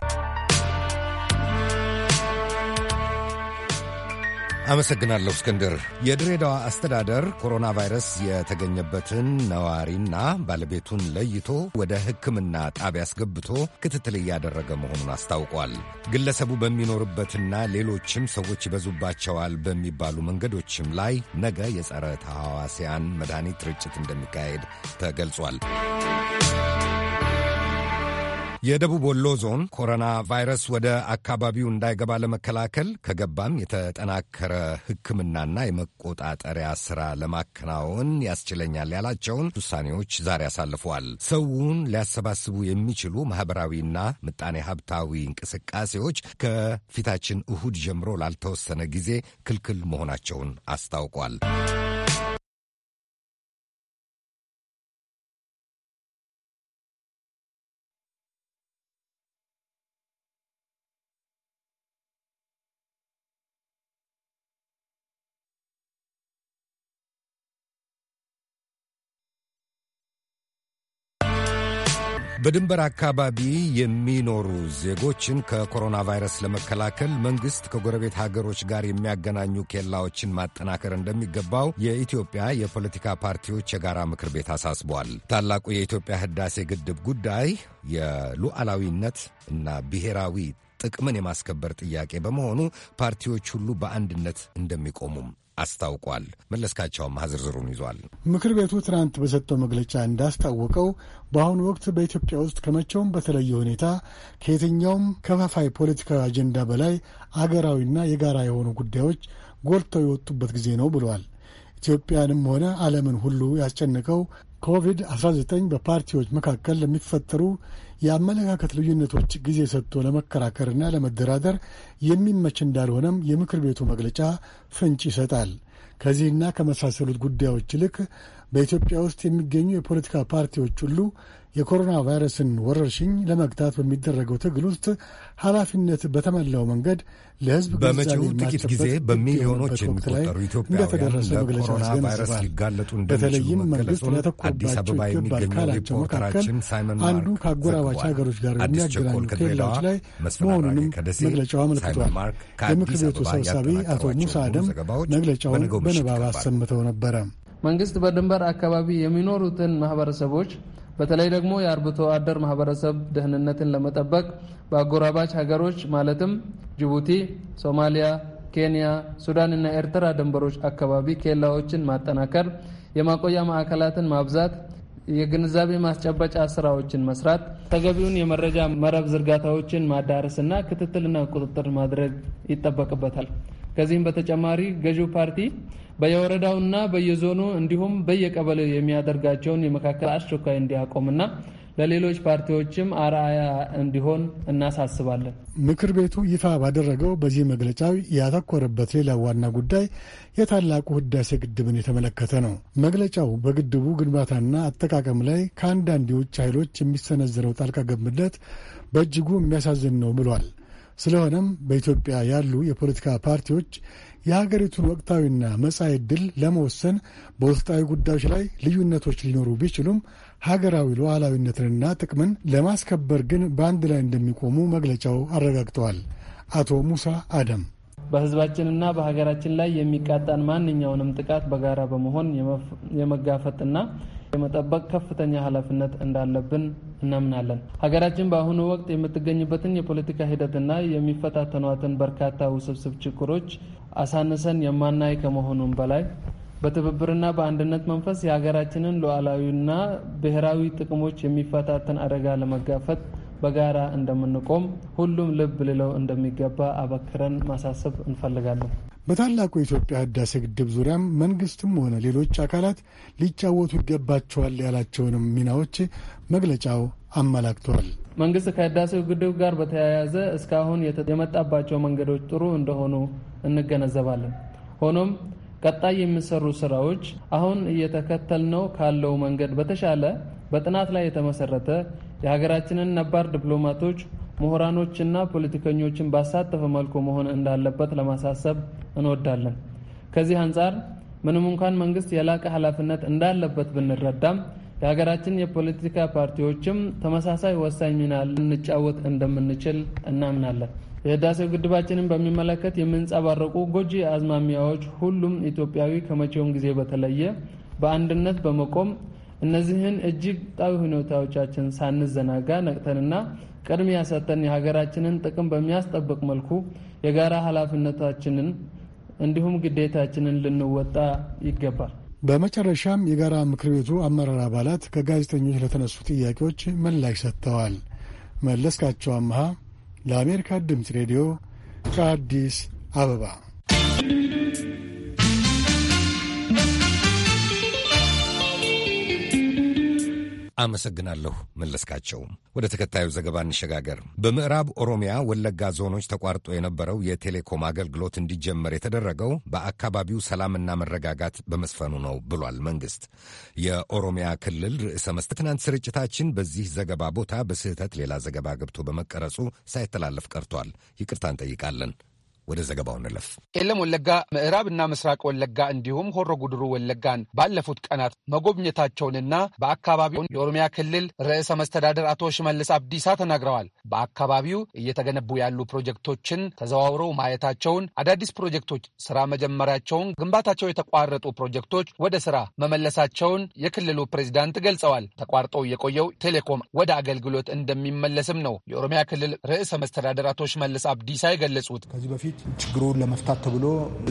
አመሰግናለሁ እስክንድር። የድሬዳዋ አስተዳደር ኮሮና ቫይረስ የተገኘበትን ነዋሪና ባለቤቱን ለይቶ ወደ ሕክምና ጣቢያ አስገብቶ ክትትል እያደረገ መሆኑን አስታውቋል። ግለሰቡ በሚኖርበትና ሌሎችም ሰዎች ይበዙባቸዋል በሚባሉ መንገዶችም ላይ ነገ የጸረ ተሐዋስያን መድኃኒት ርጭት እንደሚካሄድ ተገልጿል። የደቡብ ወሎ ዞን ኮሮና ቫይረስ ወደ አካባቢው እንዳይገባ ለመከላከል ከገባም የተጠናከረ ሕክምናና የመቆጣጠሪያ ስራ ለማከናወን ያስችለኛል ያላቸውን ውሳኔዎች ዛሬ አሳልፈዋል። ሰውን ሊያሰባስቡ የሚችሉ ማህበራዊና ምጣኔ ሀብታዊ እንቅስቃሴዎች ከፊታችን እሁድ ጀምሮ ላልተወሰነ ጊዜ ክልክል መሆናቸውን አስታውቋል። በድንበር አካባቢ የሚኖሩ ዜጎችን ከኮሮና ቫይረስ ለመከላከል መንግሥት ከጎረቤት ሀገሮች ጋር የሚያገናኙ ኬላዎችን ማጠናከር እንደሚገባው የኢትዮጵያ የፖለቲካ ፓርቲዎች የጋራ ምክር ቤት አሳስቧል። ታላቁ የኢትዮጵያ ሕዳሴ ግድብ ጉዳይ የሉዓላዊነት እና ብሔራዊ ጥቅምን የማስከበር ጥያቄ በመሆኑ ፓርቲዎች ሁሉ በአንድነት እንደሚቆሙም አስታውቋል። መለስካቸውም ዝርዝሩን ይዟል። ምክር ቤቱ ትናንት በሰጠው መግለጫ እንዳስታወቀው በአሁኑ ወቅት በኢትዮጵያ ውስጥ ከመቼውም በተለየ ሁኔታ ከየትኛውም ከፋፋይ ፖለቲካዊ አጀንዳ በላይ አገራዊና የጋራ የሆኑ ጉዳዮች ጎልተው የወጡበት ጊዜ ነው ብሏል። ኢትዮጵያንም ሆነ ዓለምን ሁሉ ያስጨነቀው ኮቪድ-19 በፓርቲዎች መካከል ለሚፈጠሩ የአመለካከት ልዩነቶች ጊዜ ሰጥቶ ለመከራከርና ለመደራደር የሚመች እንዳልሆነም የምክር ቤቱ መግለጫ ፍንጭ ይሰጣል። ከዚህና ከመሳሰሉት ጉዳዮች ይልቅ በኢትዮጵያ ውስጥ የሚገኙ የፖለቲካ ፓርቲዎች ሁሉ የኮሮና ቫይረስን ወረርሽኝ ለመግታት በሚደረገው ትግል ውስጥ ኃላፊነት በተመላው መንገድ ለህዝብ በመጪው ጥቂት ጊዜ በሚሊዮኖች የሚቆጠሩ ኢትዮጵያውያን ለኮሮና ቫይረስ ሊጋለጡ በተለይም መንግስት አበባ የሚገኘው ሪፖርተራችን ሳይመን አንዱ ከአጎራባች ሀገሮች ጋር የሚያገናኙ ኬላዎች ላይ መሆኑንም መግለጫው አመልክቷል። የምክር ቤቱ ሰብሳቢ አቶ ሙሳ አደም መግለጫውን በንባብ አሰምተው ነበረ። መንግስት በድንበር አካባቢ የሚኖሩትን ማህበረሰቦች በተለይ ደግሞ የአርብቶ አደር ማህበረሰብ ደህንነትን ለመጠበቅ በአጎራባች ሀገሮች ማለትም ጅቡቲ፣ ሶማሊያ፣ ኬንያ፣ እና ኤርትራ ድንበሮች አካባቢ ኬላዎችን ማጠናከር፣ የማቆያ ማዕከላትን ማብዛት፣ የግንዛቤ ማስጨበጫ ስራዎችን መስራት፣ ተገቢውን የመረጃ መረብ ዝርጋታዎችን ማዳረስ ና ክትትልና ቁጥጥር ማድረግ ይጠበቅበታል። ከዚህም በተጨማሪ ገዢው ፓርቲ በየወረዳውና በየዞኑ እንዲሁም በየቀበሌው የሚያደርጋቸውን የመካከል አስቸኳይ እንዲያቆምና ለሌሎች ፓርቲዎችም አርአያ እንዲሆን እናሳስባለን። ምክር ቤቱ ይፋ ባደረገው በዚህ መግለጫ ያተኮረበት ሌላ ዋና ጉዳይ የታላቁ ህዳሴ ግድብን የተመለከተ ነው። መግለጫው በግድቡ ግንባታና አጠቃቀም ላይ ከአንዳንድ የውጭ ኃይሎች የሚሰነዘረው ጣልቃ ገብነት በእጅጉ የሚያሳዝን ነው ብሏል። ስለሆነም በኢትዮጵያ ያሉ የፖለቲካ ፓርቲዎች የሀገሪቱን ወቅታዊና መጻኢ ዕድል ለመወሰን በውስጣዊ ጉዳዮች ላይ ልዩነቶች ሊኖሩ ቢችሉም ሀገራዊ ሉዓላዊነትንና ጥቅምን ለማስከበር ግን በአንድ ላይ እንደሚቆሙ መግለጫው አረጋግጠዋል። አቶ ሙሳ አደም በህዝባችንና በሀገራችን ላይ የሚቃጣን ማንኛውንም ጥቃት በጋራ በመሆን የመጋፈጥና የመጠበቅ ከፍተኛ ኃላፊነት እንዳለብን እናምናለን። ሀገራችን በአሁኑ ወቅት የምትገኝበትን የፖለቲካ ሂደትና የሚፈታተኗትን በርካታ ውስብስብ ችግሮች አሳንሰን የማናይ ከመሆኑም በላይ በትብብርና በአንድነት መንፈስ የሀገራችንን ሉዓላዊና ብሔራዊ ጥቅሞች የሚፈታተን አደጋ ለመጋፈጥ በጋራ እንደምንቆም ሁሉም ልብ ልለው እንደሚገባ አበክረን ማሳሰብ እንፈልጋለን። በታላቁ የኢትዮጵያ ህዳሴ ግድብ ዙሪያም መንግስትም ሆነ ሌሎች አካላት ሊጫወቱ ይገባቸዋል ያላቸውንም ሚናዎች መግለጫው አመላክተዋል። መንግስት ከህዳሴው ግድብ ጋር በተያያዘ እስካሁን የመጣባቸው መንገዶች ጥሩ እንደሆኑ እንገነዘባለን። ሆኖም ቀጣይ የሚሰሩ ስራዎች አሁን እየተከተልነው ካለው መንገድ በተሻለ በጥናት ላይ የተመሰረተ የሀገራችንን ነባር ዲፕሎማቶች፣ ምሁራኖችና ፖለቲከኞችን ባሳተፈ መልኩ መሆን እንዳለበት ለማሳሰብ እንወዳለን። ከዚህ አንጻር ምንም እንኳን መንግስት የላቀ ኃላፊነት እንዳለበት ብንረዳም የሀገራችን የፖለቲካ ፓርቲዎችም ተመሳሳይ ወሳኝ ሚና ልንጫወት እንደምንችል እናምናለን። የህዳሴው ግድባችንን በሚመለከት የሚንጸባረቁ ጎጂ አዝማሚያዎች ሁሉም ኢትዮጵያዊ ከመቼውም ጊዜ በተለየ በአንድነት በመቆም እነዚህን እጅግ ጣዊ ሁኔታዎቻችን ሳንዘናጋ ነቅተንና ቅድሚያ ሰጥተን የሀገራችንን ጥቅም በሚያስጠብቅ መልኩ የጋራ ኃላፊነታችንን እንዲሁም ግዴታችንን ልንወጣ ይገባል። በመጨረሻም የጋራ ምክር ቤቱ አመራር አባላት ከጋዜጠኞች ለተነሱ ጥያቄዎች ምላሽ ሰጥተዋል። መለስካቸው አምሃ ለአሜሪካ ድምፅ ሬዲዮ ከአዲስ አበባ አመሰግናለሁ መለስካቸው። ወደ ተከታዩ ዘገባ እንሸጋገር። በምዕራብ ኦሮሚያ ወለጋ ዞኖች ተቋርጦ የነበረው የቴሌኮም አገልግሎት እንዲጀመር የተደረገው በአካባቢው ሰላምና መረጋጋት በመስፈኑ ነው ብሏል መንግስት። የኦሮሚያ ክልል ርዕሰ መስት ትናንት ስርጭታችን በዚህ ዘገባ ቦታ በስህተት ሌላ ዘገባ ገብቶ በመቀረጹ ሳይተላለፍ ቀርቷል። ይቅርታ እንጠይቃለን። ወደ ዘገባው እንለፍ። ቄለም ወለጋ፣ ምዕራብና ምስራቅ ወለጋ እንዲሁም ሆሮ ጉድሩ ወለጋን ባለፉት ቀናት መጎብኘታቸውንና በአካባቢውን የኦሮሚያ ክልል ርዕሰ መስተዳደር አቶ ሽመልስ አብዲሳ ተናግረዋል። በአካባቢው እየተገነቡ ያሉ ፕሮጀክቶችን ተዘዋውረው ማየታቸውን፣ አዳዲስ ፕሮጀክቶች ስራ መጀመሪያቸውን፣ ግንባታቸው የተቋረጡ ፕሮጀክቶች ወደ ስራ መመለሳቸውን የክልሉ ፕሬዚዳንት ገልጸዋል። ተቋርጠው የቆየው ቴሌኮም ወደ አገልግሎት እንደሚመለስም ነው የኦሮሚያ ክልል ርዕሰ መስተዳደር አቶ ሽመልስ አብዲሳ የገለጹት። ችግሩ ችግሩን ለመፍታት ተብሎ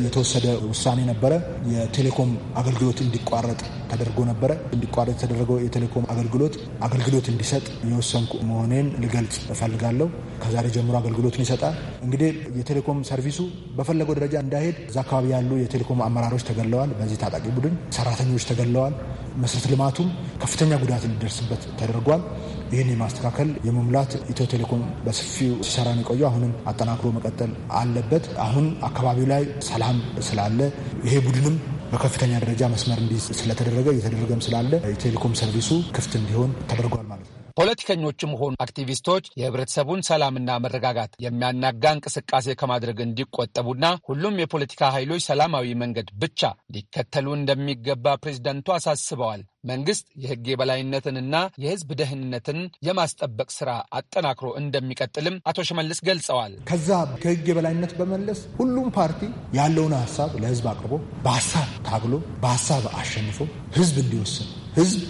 የተወሰደ ውሳኔ ነበረ። የቴሌኮም አገልግሎት እንዲቋረጥ ተደርጎ ነበረ። እንዲቋረጥ የተደረገው የቴሌኮም አገልግሎት አገልግሎት እንዲሰጥ የወሰንኩ መሆኔን ልገልጽ እፈልጋለሁ። ከዛሬ ጀምሮ አገልግሎቱን ይሰጣል። እንግዲህ የቴሌኮም ሰርቪሱ በፈለገው ደረጃ እንዳይሄድ እዛ አካባቢ ያሉ የቴሌኮም አመራሮች ተገለዋል። በዚህ ታጣቂ ቡድን ሰራተኞች ተገለዋል። መሰረተ ልማቱም ከፍተኛ ጉዳት እንዲደርስበት ተደርጓል። ይህን የማስተካከል የመሙላት ኢትዮ ቴሌኮም በሰፊው ሲሰራ የሚቆዩ አሁንም አጠናክሮ መቀጠል አለበት። አሁን አካባቢው ላይ ሰላም ስላለ ይሄ ቡድንም በከፍተኛ ደረጃ መስመር እንዲይዝ ስለተደረገ እየተደረገም ስላለ የቴሌኮም ሰርቪሱ ክፍት እንዲሆን ተደርጓል ማለት ነው። ፖለቲከኞችም ሆኑ አክቲቪስቶች የህብረተሰቡን ሰላምና መረጋጋት የሚያናጋ እንቅስቃሴ ከማድረግ እንዲቆጠቡና ሁሉም የፖለቲካ ኃይሎች ሰላማዊ መንገድ ብቻ ሊከተሉ እንደሚገባ ፕሬዚደንቱ አሳስበዋል። መንግስት የህግ የበላይነትንና የህዝብ ደህንነትን የማስጠበቅ ስራ አጠናክሮ እንደሚቀጥልም አቶ ሽመልስ ገልጸዋል። ከዛ ከህግ የበላይነት በመለስ ሁሉም ፓርቲ ያለውን ሀሳብ ለህዝብ አቅርቦ በሀሳብ ታግሎ በሀሳብ አሸንፎ ህዝብ እንዲወስን ህዝብ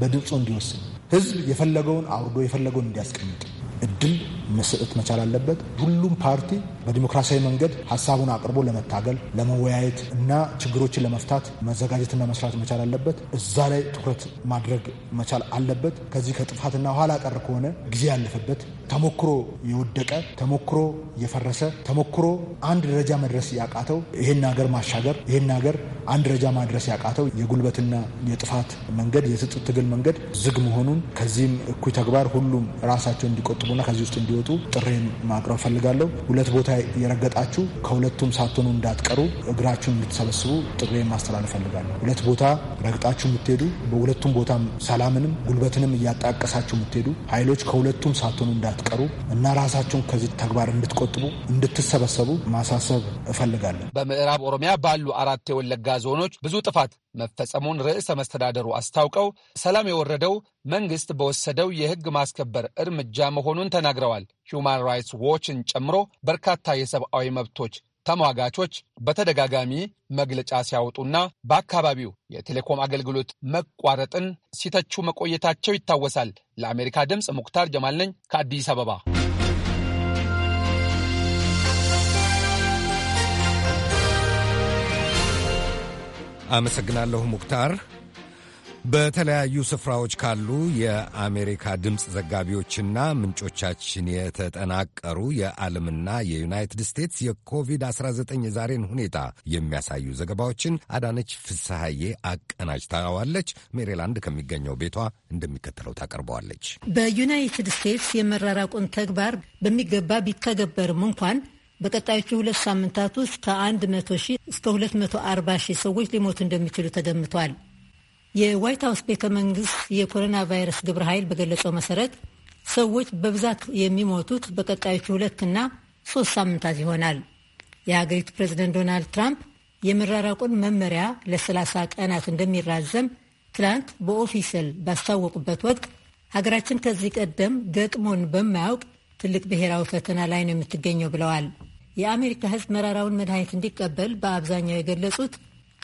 በድምፁ እንዲወስን ህዝብ የፈለገውን አውርዶ የፈለገውን እንዲያስቀምጥ እድል መስጠት መቻል አለበት። ሁሉም ፓርቲ በዲሞክራሲያዊ መንገድ ሀሳቡን አቅርቦ ለመታገል ለመወያየት እና ችግሮችን ለመፍታት መዘጋጀትና መስራት መቻል አለበት። እዛ ላይ ትኩረት ማድረግ መቻል አለበት። ከዚህ ከጥፋትና ኋላ ቀር ከሆነ ጊዜ ያለፈበት ተሞክሮ የወደቀ ተሞክሮ የፈረሰ ተሞክሮ አንድ ደረጃ መድረስ ያቃተው ይሄን ሀገር ማሻገር ይሄን ሀገር አንድ ደረጃ ማድረስ ያቃተው የጉልበትና የጥፋት መንገድ የስጥ ትግል መንገድ ዝግ መሆኑን ከዚህም እኩይ ተግባር ሁሉም ራሳቸው እንዲቆጥቡና ከዚህ ውስጥ እንዲወጡ ጥሬን ማቅረብ ፈልጋለሁ። ሁለት ቦታ የረገጣችሁ ከሁለቱም ሳትሆኑ እንዳትቀሩ እግራችሁን እንድትሰበስቡ ጥሬን ማስተላለፍ ፈልጋለሁ። ሁለት ቦታ ረግጣችሁ የምትሄዱ በሁለቱም ቦታ ሰላምንም ጉልበትንም እያጣቀሳችሁ የምትሄዱ ኃይሎች ከሁለቱም ሳትሆኑ እንዳት እንዳትቀሩ እና ራሳችሁን ከዚህ ተግባር እንድትቆጥቡ እንድትሰበሰቡ ማሳሰብ እፈልጋለሁ። በምዕራብ ኦሮሚያ ባሉ አራት የወለጋ ዞኖች ብዙ ጥፋት መፈጸሙን ርዕሰ መስተዳደሩ አስታውቀው ሰላም የወረደው መንግስት በወሰደው የህግ ማስከበር እርምጃ መሆኑን ተናግረዋል። ሁማን ራይትስ ዎችን ጨምሮ በርካታ የሰብአዊ መብቶች ተሟጋቾች በተደጋጋሚ መግለጫ ሲያወጡና በአካባቢው የቴሌኮም አገልግሎት መቋረጥን ሲተቹ መቆየታቸው ይታወሳል። ለአሜሪካ ድምፅ ሙክታር ጀማል ነኝ ከአዲስ አበባ። አመሰግናለሁ ሙክታር። በተለያዩ ስፍራዎች ካሉ የአሜሪካ ድምፅ ዘጋቢዎችና ምንጮቻችን የተጠናቀሩ የዓለምና የዩናይትድ ስቴትስ የኮቪድ-19 የዛሬን ሁኔታ የሚያሳዩ ዘገባዎችን አዳነች ፍስሐዬ አቀናጅታዋለች። ሜሪላንድ ከሚገኘው ቤቷ እንደሚከተለው ታቀርበዋለች። በዩናይትድ ስቴትስ የመራራቁን ተግባር በሚገባ ቢተገበርም እንኳን በቀጣዮቹ ሁለት ሳምንታት ውስጥ ከ100 ሺህ እስከ 240 ሺህ ሰዎች ሊሞቱ እንደሚችሉ ተገምቷል። የዋይት ሀውስ ቤተ መንግስት የኮሮና ቫይረስ ግብረ ኃይል በገለጸው መሰረት ሰዎች በብዛት የሚሞቱት በቀጣዮቹ ና ሶስት ሳምንታት ይሆናል። የሀገሪቱ ፕሬዚደንት ዶናልድ ትራምፕ የመራራቁን መመሪያ ለስላሳ ቀናት እንደሚራዘም ትላንት በኦፊሴል ባስታወቁበት ወቅት ሀገራችን ከዚህ ቀደም ገጥሞን በማያውቅ ትልቅ ብሔራዊ ፈተና ላይ ነው የምትገኘው ብለዋል። የአሜሪካ ሕዝብ መራራውን መድኃኒት እንዲቀበል በአብዛኛው የገለጹት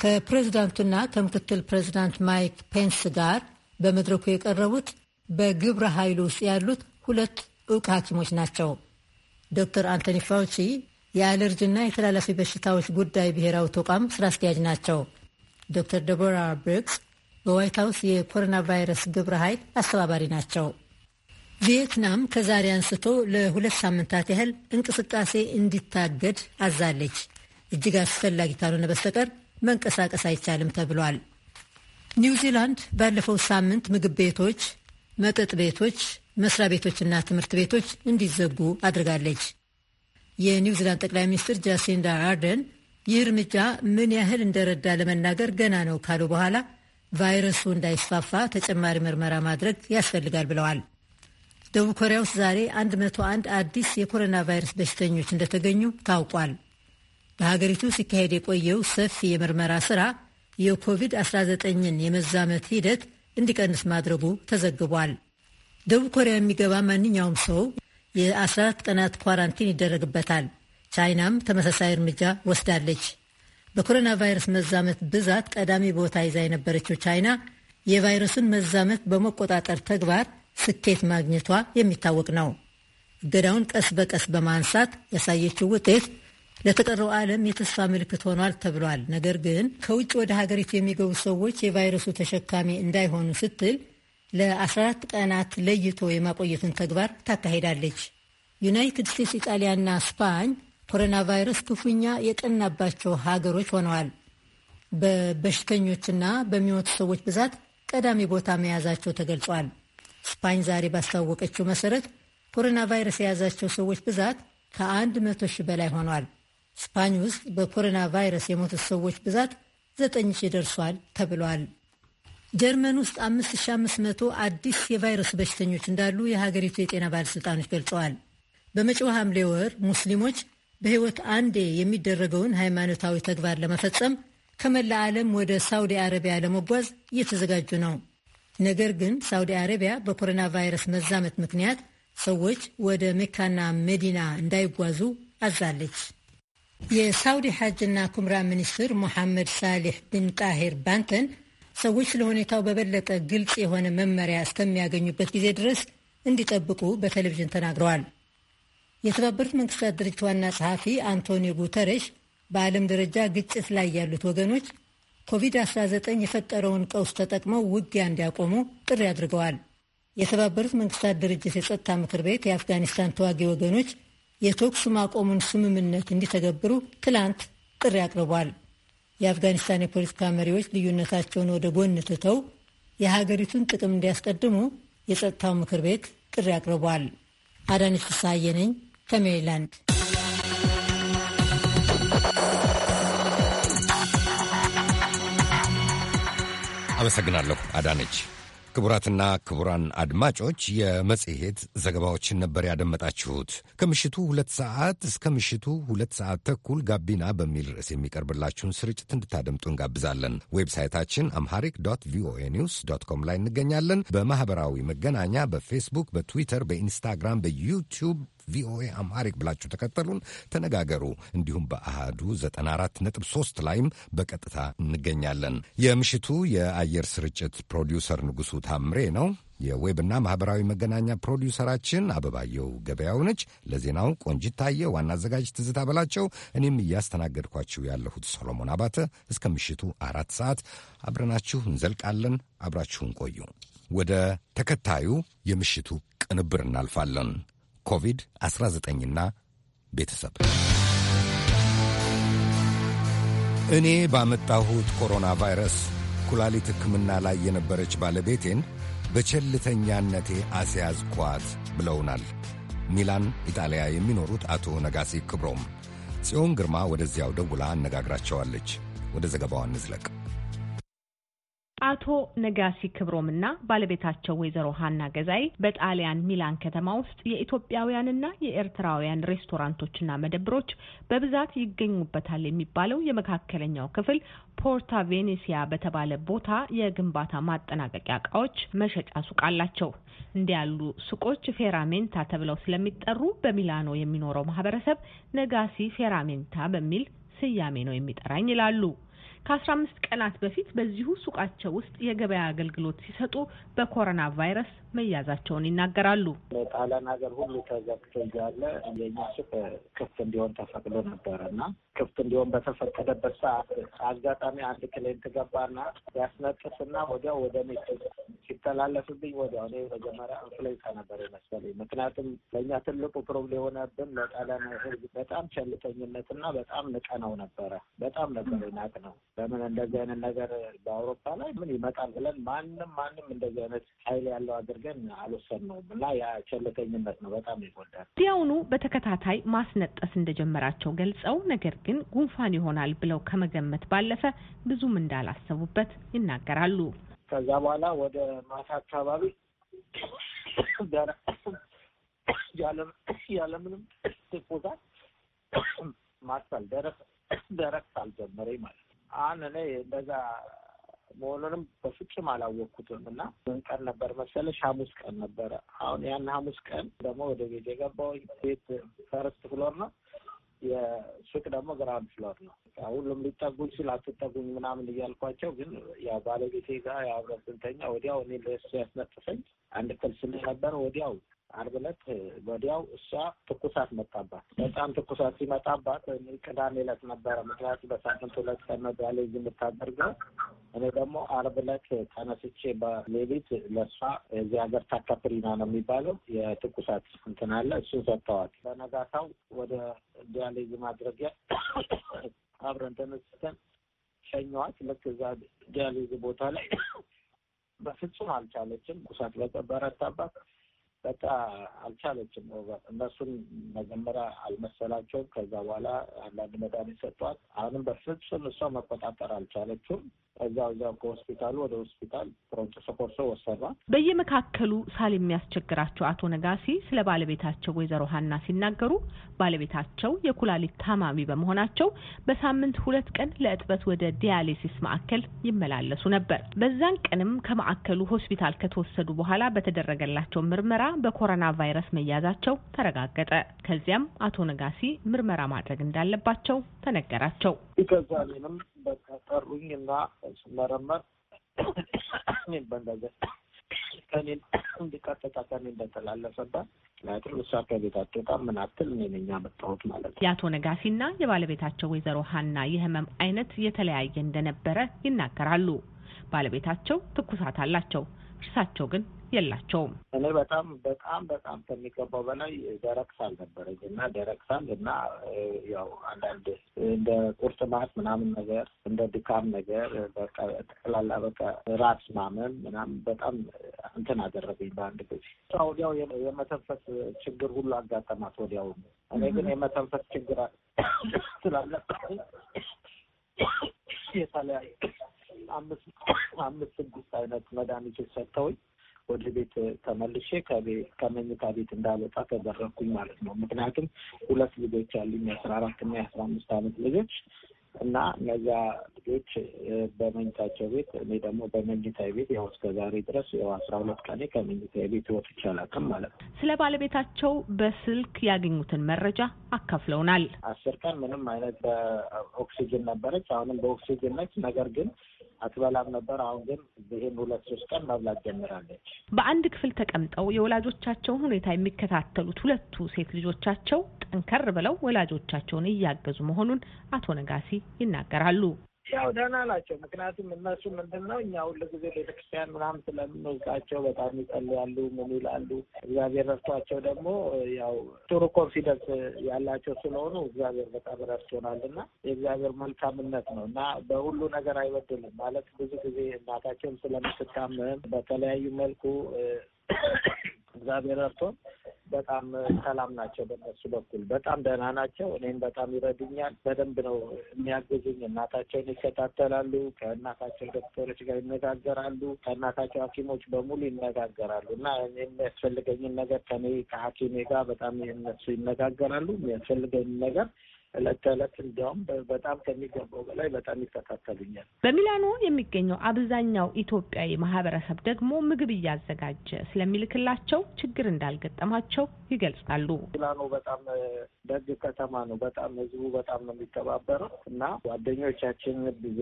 ከፕሬዚዳንቱና ከምክትል ፕሬዚዳንት ማይክ ፔንስ ጋር በመድረኩ የቀረቡት በግብረ ኃይል ውስጥ ያሉት ሁለት እውቅ ሐኪሞች ናቸው። ዶክተር አንቶኒ ፋውቺ የአለርጂና የተላላፊ በሽታዎች ጉዳይ ብሔራዊ ተቋም ስራ አስኪያጅ ናቸው። ዶክተር ደቦራ ብሪክስ በዋይት ሀውስ የኮሮና ቫይረስ ግብረ ኃይል አስተባባሪ ናቸው። ቪየትናም ከዛሬ አንስቶ ለሁለት ሳምንታት ያህል እንቅስቃሴ እንዲታገድ አዛለች። እጅግ አስፈላጊ ካልሆነ በስተቀር መንቀሳቀስ አይቻልም ተብሏል። ኒውዚላንድ ባለፈው ሳምንት ምግብ ቤቶች፣ መጠጥ ቤቶች፣ መስሪያ ቤቶችና ትምህርት ቤቶች እንዲዘጉ አድርጋለች። የኒውዚላንድ ጠቅላይ ሚኒስትር ጃሲንዳ አርደን ይህ እርምጃ ምን ያህል እንደረዳ ለመናገር ገና ነው ካሉ በኋላ ቫይረሱ እንዳይስፋፋ ተጨማሪ ምርመራ ማድረግ ያስፈልጋል ብለዋል። ደቡብ ኮሪያ ውስጥ ዛሬ 101 አዲስ የኮሮና ቫይረስ በሽተኞች እንደተገኙ ታውቋል። በሀገሪቱ ሲካሄድ የቆየው ሰፊ የምርመራ ስራ የኮቪድ-19ን የመዛመት ሂደት እንዲቀንስ ማድረጉ ተዘግቧል። ደቡብ ኮሪያ የሚገባ ማንኛውም ሰው የ14 ቀናት ኳራንቲን ይደረግበታል። ቻይናም ተመሳሳይ እርምጃ ወስዳለች። በኮሮና ቫይረስ መዛመት ብዛት ቀዳሚ ቦታ ይዛ የነበረችው ቻይና የቫይረሱን መዛመት በመቆጣጠር ተግባር ስኬት ማግኘቷ የሚታወቅ ነው። እገዳውን ቀስ በቀስ በማንሳት ያሳየችው ውጤት ለተቀረው ዓለም የተስፋ ምልክት ሆኗል ተብሏል። ነገር ግን ከውጭ ወደ ሀገሪቱ የሚገቡ ሰዎች የቫይረሱ ተሸካሚ እንዳይሆኑ ስትል ለ14 ቀናት ለይቶ የማቆየትን ተግባር ታካሂዳለች። ዩናይትድ ስቴትስ፣ ኢጣሊያና ስፓኝ ኮሮና ቫይረስ ክፉኛ የቀናባቸው ሀገሮች ሆነዋል። በበሽተኞችና በሚሞቱ ሰዎች ብዛት ቀዳሚ ቦታ መያዛቸው ተገልጿል። ስፓኝ ዛሬ ባስታወቀችው መሰረት ኮሮና ቫይረስ የያዛቸው ሰዎች ብዛት ከአንድ መቶ ሺህ በላይ ሆኗል። ስፓኝ ውስጥ በኮሮና ቫይረስ የሞቱት ሰዎች ብዛት ዘጠኝ 9000 ደርሷል ተብሏል። ጀርመን ውስጥ መቶ አዲስ የቫይረስ በሽተኞች እንዳሉ የሀገሪቱ የጤና ባለሥልጣኖች ገልጸዋል። በመጪው ሐምሌ ወር ሙስሊሞች በሕይወት አንዴ የሚደረገውን ሃይማኖታዊ ተግባር ለመፈጸም ከመላ ዓለም ወደ ሳውዲ አረቢያ ለመጓዝ እየተዘጋጁ ነው። ነገር ግን ሳውዲ አረቢያ በኮሮና ቫይረስ መዛመት ምክንያት ሰዎች ወደ ሜካና መዲና እንዳይጓዙ አዛለች። የሳውዲ ሐጅና ኩምራ ሚኒስትር ሙሐመድ ሳሌሕ ቢን ጣሄር ባንተን ሰዎች ስለ ሁኔታው በበለጠ ግልጽ የሆነ መመሪያ እስከሚያገኙበት ጊዜ ድረስ እንዲጠብቁ በቴሌቪዥን ተናግረዋል። የተባበሩት መንግስታት ድርጅት ዋና ጸሐፊ አንቶኒዮ ጉተረሽ በዓለም ደረጃ ግጭት ላይ ያሉት ወገኖች ኮቪድ-19 የፈጠረውን ቀውስ ተጠቅመው ውጊያ እንዲያቆሙ ጥሪ አድርገዋል። የተባበሩት መንግስታት ድርጅት የጸጥታ ምክር ቤት የአፍጋኒስታን ተዋጊ ወገኖች የተኩስ ማቆሙን ስምምነት እንዲተገብሩ ትላንት ጥሪ አቅርቧል። የአፍጋኒስታን የፖለቲካ መሪዎች ልዩነታቸውን ወደ ጎን ትተው የሀገሪቱን ጥቅም እንዲያስቀድሙ የጸጥታው ምክር ቤት ጥሪ አቅርቧል። አዳነች ፍስሐዬ ነኝ ከሜሪላንድ። አመሰግናለሁ አዳነች። ክቡራትና ክቡራን አድማጮች የመጽሔት ዘገባዎችን ነበር ያደመጣችሁት። ከምሽቱ ሁለት ሰዓት እስከ ምሽቱ ሁለት ሰዓት ተኩል ጋቢና በሚል ርዕስ የሚቀርብላችሁን ስርጭት እንድታደምጡ እንጋብዛለን። ዌብሳይታችን አምሃሪክ ዶት ቪኦኤ ኒውስ ዶት ኮም ላይ እንገኛለን። በማኅበራዊ መገናኛ በፌስቡክ፣ በትዊተር፣ በኢንስታግራም፣ በዩቲዩብ ቪኦኤ አማሪክ ብላችሁ ተከተሉን፣ ተነጋገሩ። እንዲሁም በአሃዱ 94.3 ላይም በቀጥታ እንገኛለን። የምሽቱ የአየር ስርጭት ፕሮዲውሰር ንጉሱ ታምሬ ነው። የዌብና ማህበራዊ መገናኛ ፕሮዲውሰራችን አበባየው ገበያው ነች። ለዜናው ቆንጂት ታየ፣ ዋና አዘጋጅ ትዝታ በላቸው፣ እኔም እያስተናገድኳችሁ ያለሁት ሶሎሞን አባተ። እስከ ምሽቱ አራት ሰዓት አብረናችሁ እንዘልቃለን። አብራችሁን ቆዩ። ወደ ተከታዩ የምሽቱ ቅንብር እናልፋለን። ኮቪድ-19ና ቤተሰብ እኔ ባመጣሁት ኮሮና ቫይረስ ኩላሊት ሕክምና ላይ የነበረች ባለቤቴን በቸልተኛነቴ አስያዝኳት ብለውናል ሚላን ኢጣሊያ የሚኖሩት አቶ ነጋሲ ክብሮም። ጽዮን ግርማ ወደዚያው ደውላ አነጋግራቸዋለች። ወደ ዘገባዋ እንዝለቅ። አቶ ነጋሲ ክብሮምና ባለቤታቸው ወይዘሮ ሀና ገዛይ በጣሊያን ሚላን ከተማ ውስጥ የኢትዮጵያውያንና የኤርትራውያን ሬስቶራንቶችና መደብሮች በብዛት ይገኙበታል የሚባለው የመካከለኛው ክፍል ፖርታ ቬኔሲያ በተባለ ቦታ የግንባታ ማጠናቀቂያ እቃዎች መሸጫ ሱቅ አላቸው። እንዲህ ያሉ ሱቆች ፌራሜንታ ተብለው ስለሚጠሩ በሚላኖ የሚኖረው ማህበረሰብ ነጋሲ ፌራሜንታ በሚል ስያሜ ነው የሚጠራኝ ይላሉ። ከ15 ቀናት በፊት በዚሁ ሱቃቸው ውስጥ የገበያ አገልግሎት ሲሰጡ በኮሮና ቫይረስ መያዛቸውን ይናገራሉ። ጣሊያን ሀገር ሁሉ ተዘግቶ እያለ የኛ ሱቅ ክፍት እንዲሆን ተፈቅዶ ነበረ እና ክፍት እንዲሆን በተፈቀደበት ሰዓት አጋጣሚ አንድ ክሌንት ገባና ያስነጥስና ወዲያው ወደ እኔ ሲተላለፍብኝ ወዲያው እኔ መጀመሪያ ኢንፍሉዌንሳ ነበር የመሰለኝ። ምክንያቱም ለእኛ ትልቁ ፕሮብሌም የሆነብን ለጣሊያን ሕዝብ በጣም ቸልተኝነትና በጣም ንቀነው ነበረ። በጣም ነበር ናቅ ነው። ለምን እንደዚህ አይነት ነገር በአውሮፓ ላይ ምን ይመጣል ብለን ማንም ማንም እንደዚህ አይነት ኃይል ያለው አገር አድርገን አልወሰድነውም እና ያ ቸልተኝነት ነው በጣም ይጎዳል። እዚያውኑ በተከታታይ ማስነጠስ እንደጀመራቸው ገልጸው፣ ነገር ግን ጉንፋን ይሆናል ብለው ከመገመት ባለፈ ብዙም እንዳላሰቡበት ይናገራሉ። ከዛ በኋላ ወደ ማታ አካባቢ ያለምንም ትኩሳት ማሳል ደረቅ ደረቅ አልጀመረኝ ማለት ነው። አሁን እኔ እንደዛ መሆኑንም በፍጹም አላወቅኩትም እና ምን ቀን ነበር መሰለሽ? ሐሙስ ቀን ነበረ። አሁን ያን ሐሙስ ቀን ደግሞ ወደ ቤት የገባው ቤት ፈርስት ፍሎር ነው፣ የሱቅ ደግሞ ግራንድ ፍሎር ነው። ሁሉም ሊጠጉኝ ሲል አትጠጉኝ ምናምን እያልኳቸው ግን ያ ባለቤቴ ጋር የአብረን ስንተኛ ወዲያው እኔ ለሱ ያስነጥሰኝ አንድ ክልስ ነበር ወዲያው አርብ ዕለት ወዲያው እሷ ትኩሳት መጣባት። በጣም ትኩሳት ሲመጣባት ቅዳሜ ዕለት ነበረ። ምክንያቱም በሳምንት ሁለት ቀን ነው ዲያሊዝ የምታደርገው። እኔ ደግሞ አርብ ዕለት ተነስቼ በሌሊት ለእሷ እዚህ ሀገር ታካፕሪና ነው የሚባለው የትኩሳት እንትን አለ። እሱን ሰጥተዋል። በነጋታው ወደ ዲያሊዝ ማድረጊያ አብረን ተነስተን ሸኘዋት። ልክ እዛ ዲያሊዝ ቦታ ላይ በፍጹም አልቻለችም። ትኩሳት በረታባት። በቃ አልቻለችም። እነሱን መጀመሪያ አልመሰላቸውም። ከዛ በኋላ አንዳንድ መድኃኒት ሰጧት። አሁንም በፍጹም እሷ መቆጣጠር አልቻለችም። እዛ እዛው ከሆስፒታሉ ወደ ሆስፒታል ፕሮንቶ ሰፖርቶ ወሰራ። በየመካከሉ ሳል የሚያስቸግራቸው አቶ ነጋሲ ስለ ባለቤታቸው ወይዘሮ ሀና ሲናገሩ ባለቤታቸው የኩላሊት ታማሚ በመሆናቸው በሳምንት ሁለት ቀን ለእጥበት ወደ ዲያሊሲስ ማዕከል ይመላለሱ ነበር። በዛን ቀንም ከማዕከሉ ሆስፒታል ከተወሰዱ በኋላ በተደረገላቸው ምርመራ በኮሮና ቫይረስ መያዛቸው ተረጋገጠ። ከዚያም አቶ ነጋሲ ምርመራ ማድረግ እንዳለባቸው ተነገራቸው። በቃ ጠሩኝ እና ስመረመር እኔም በእንደዚያ ከኔን እንዲቀጥታ ከኔ እንደተላለፈባት ምክንያቱም እሷ ከቤት አትወጣም ምን አትል እኔ ነኝ ያመጣሁት ማለት ነው። የአቶ ነጋሲና የባለቤታቸው ወይዘሮ ሀና የህመም አይነት የተለያየ እንደነበረ ይናገራሉ። ባለቤታቸው ትኩሳት አላቸው፣ እርሳቸው ግን የላቸውም። እኔ በጣም በጣም በጣም ከሚገባው በላይ ደረቅ ሳል ነበረኝ እና ደረቅ ሳል እና ያው አንዳንድ እንደ ቁርጥማት ምናምን ነገር እንደ ድካም ነገር ጠቅላላ በቃ ራስ ማመም ምናምን በጣም እንትን አደረገኝ በአንድ ጊዜ። ወዲያው የመተንፈስ ችግር ሁሉ አጋጠማት ወዲያው። እኔ ግን የመተንፈስ ችግር ስላለ የተለያዩ አምስት አምስት ስድስት አይነት መድኃኒቶች ሰጥተውኝ ወደ ቤት ተመልሼ ከመኝታ ቤት እንዳልወጣ ተደረግኩኝ ማለት ነው። ምክንያቱም ሁለት ልጆች ያሉኝ የአስራ አራት እና የአስራ አምስት ዓመት ልጆች እና እነዚያ ልጆች በመኝታቸው ቤት እኔ ደግሞ በመኝታ ቤት ያው እስከ ዛሬ ድረስ ያው አስራ ሁለት ቀኔ ከመኝታ ቤት ወጥቼ አላውቅም ማለት ነው። ስለ ባለቤታቸው በስልክ ያገኙትን መረጃ አካፍለውናል። አስር ቀን ምንም አይነት በኦክሲጅን ነበረች፣ አሁንም በኦክሲጅን ነች። ነገር ግን አትበላም ነበር። አሁን ግን ይህን ሁለት ሶስት ቀን መብላት ጀምራለች። በአንድ ክፍል ተቀምጠው የወላጆቻቸውን ሁኔታ የሚከታተሉት ሁለቱ ሴት ልጆቻቸው ጠንከር ብለው ወላጆቻቸውን እያገዙ መሆኑን አቶ ነጋሲ ይናገራሉ። ያው ደህና ናቸው። ምክንያቱም እነሱ ምንድን ነው እኛ ሁሉ ጊዜ ቤተክርስቲያን ምናም ስለምንወስዳቸው በጣም ይጸልያሉ፣ ምን ይላሉ። እግዚአብሔር ረድቷቸው ደግሞ ያው ጥሩ ኮንፊደንስ ያላቸው ስለሆኑ እግዚአብሔር በጣም ረድቶናል እና የእግዚአብሔር መልካምነት ነው እና በሁሉ ነገር አይበድልም ማለት ብዙ ጊዜ እናታቸውም ስለምትታመም በተለያዩ መልኩ እግዚአብሔር ረድቶን በጣም ሰላም ናቸው። በነሱ በኩል በጣም ደህና ናቸው። እኔም በጣም ይረዱኛል። በደንብ ነው የሚያግዙኝ። እናታቸውን ይከታተላሉ። ከእናታቸው ዶክተሮች ጋር ይነጋገራሉ። ከእናታቸው ሐኪሞች በሙሉ ይነጋገራሉ እና የሚያስፈልገኝን ነገር ከኔ ከሐኪሜ ጋር በጣም እነሱ ይነጋገራሉ። የሚያስፈልገኝን ነገር እለት ተዕለት እንዲያውም በጣም ከሚገባው በላይ በጣም ይከታተሉኛል። በሚላኖ የሚገኘው አብዛኛው ኢትዮጵያዊ ማህበረሰብ ደግሞ ምግብ እያዘጋጀ ስለሚልክላቸው ችግር እንዳልገጠማቸው ይገልጻሉ። ሚላኖ በጣም ደግ ከተማ ነው። በጣም ህዝቡ በጣም ነው የሚተባበረው እና ጓደኞቻችን ብዙ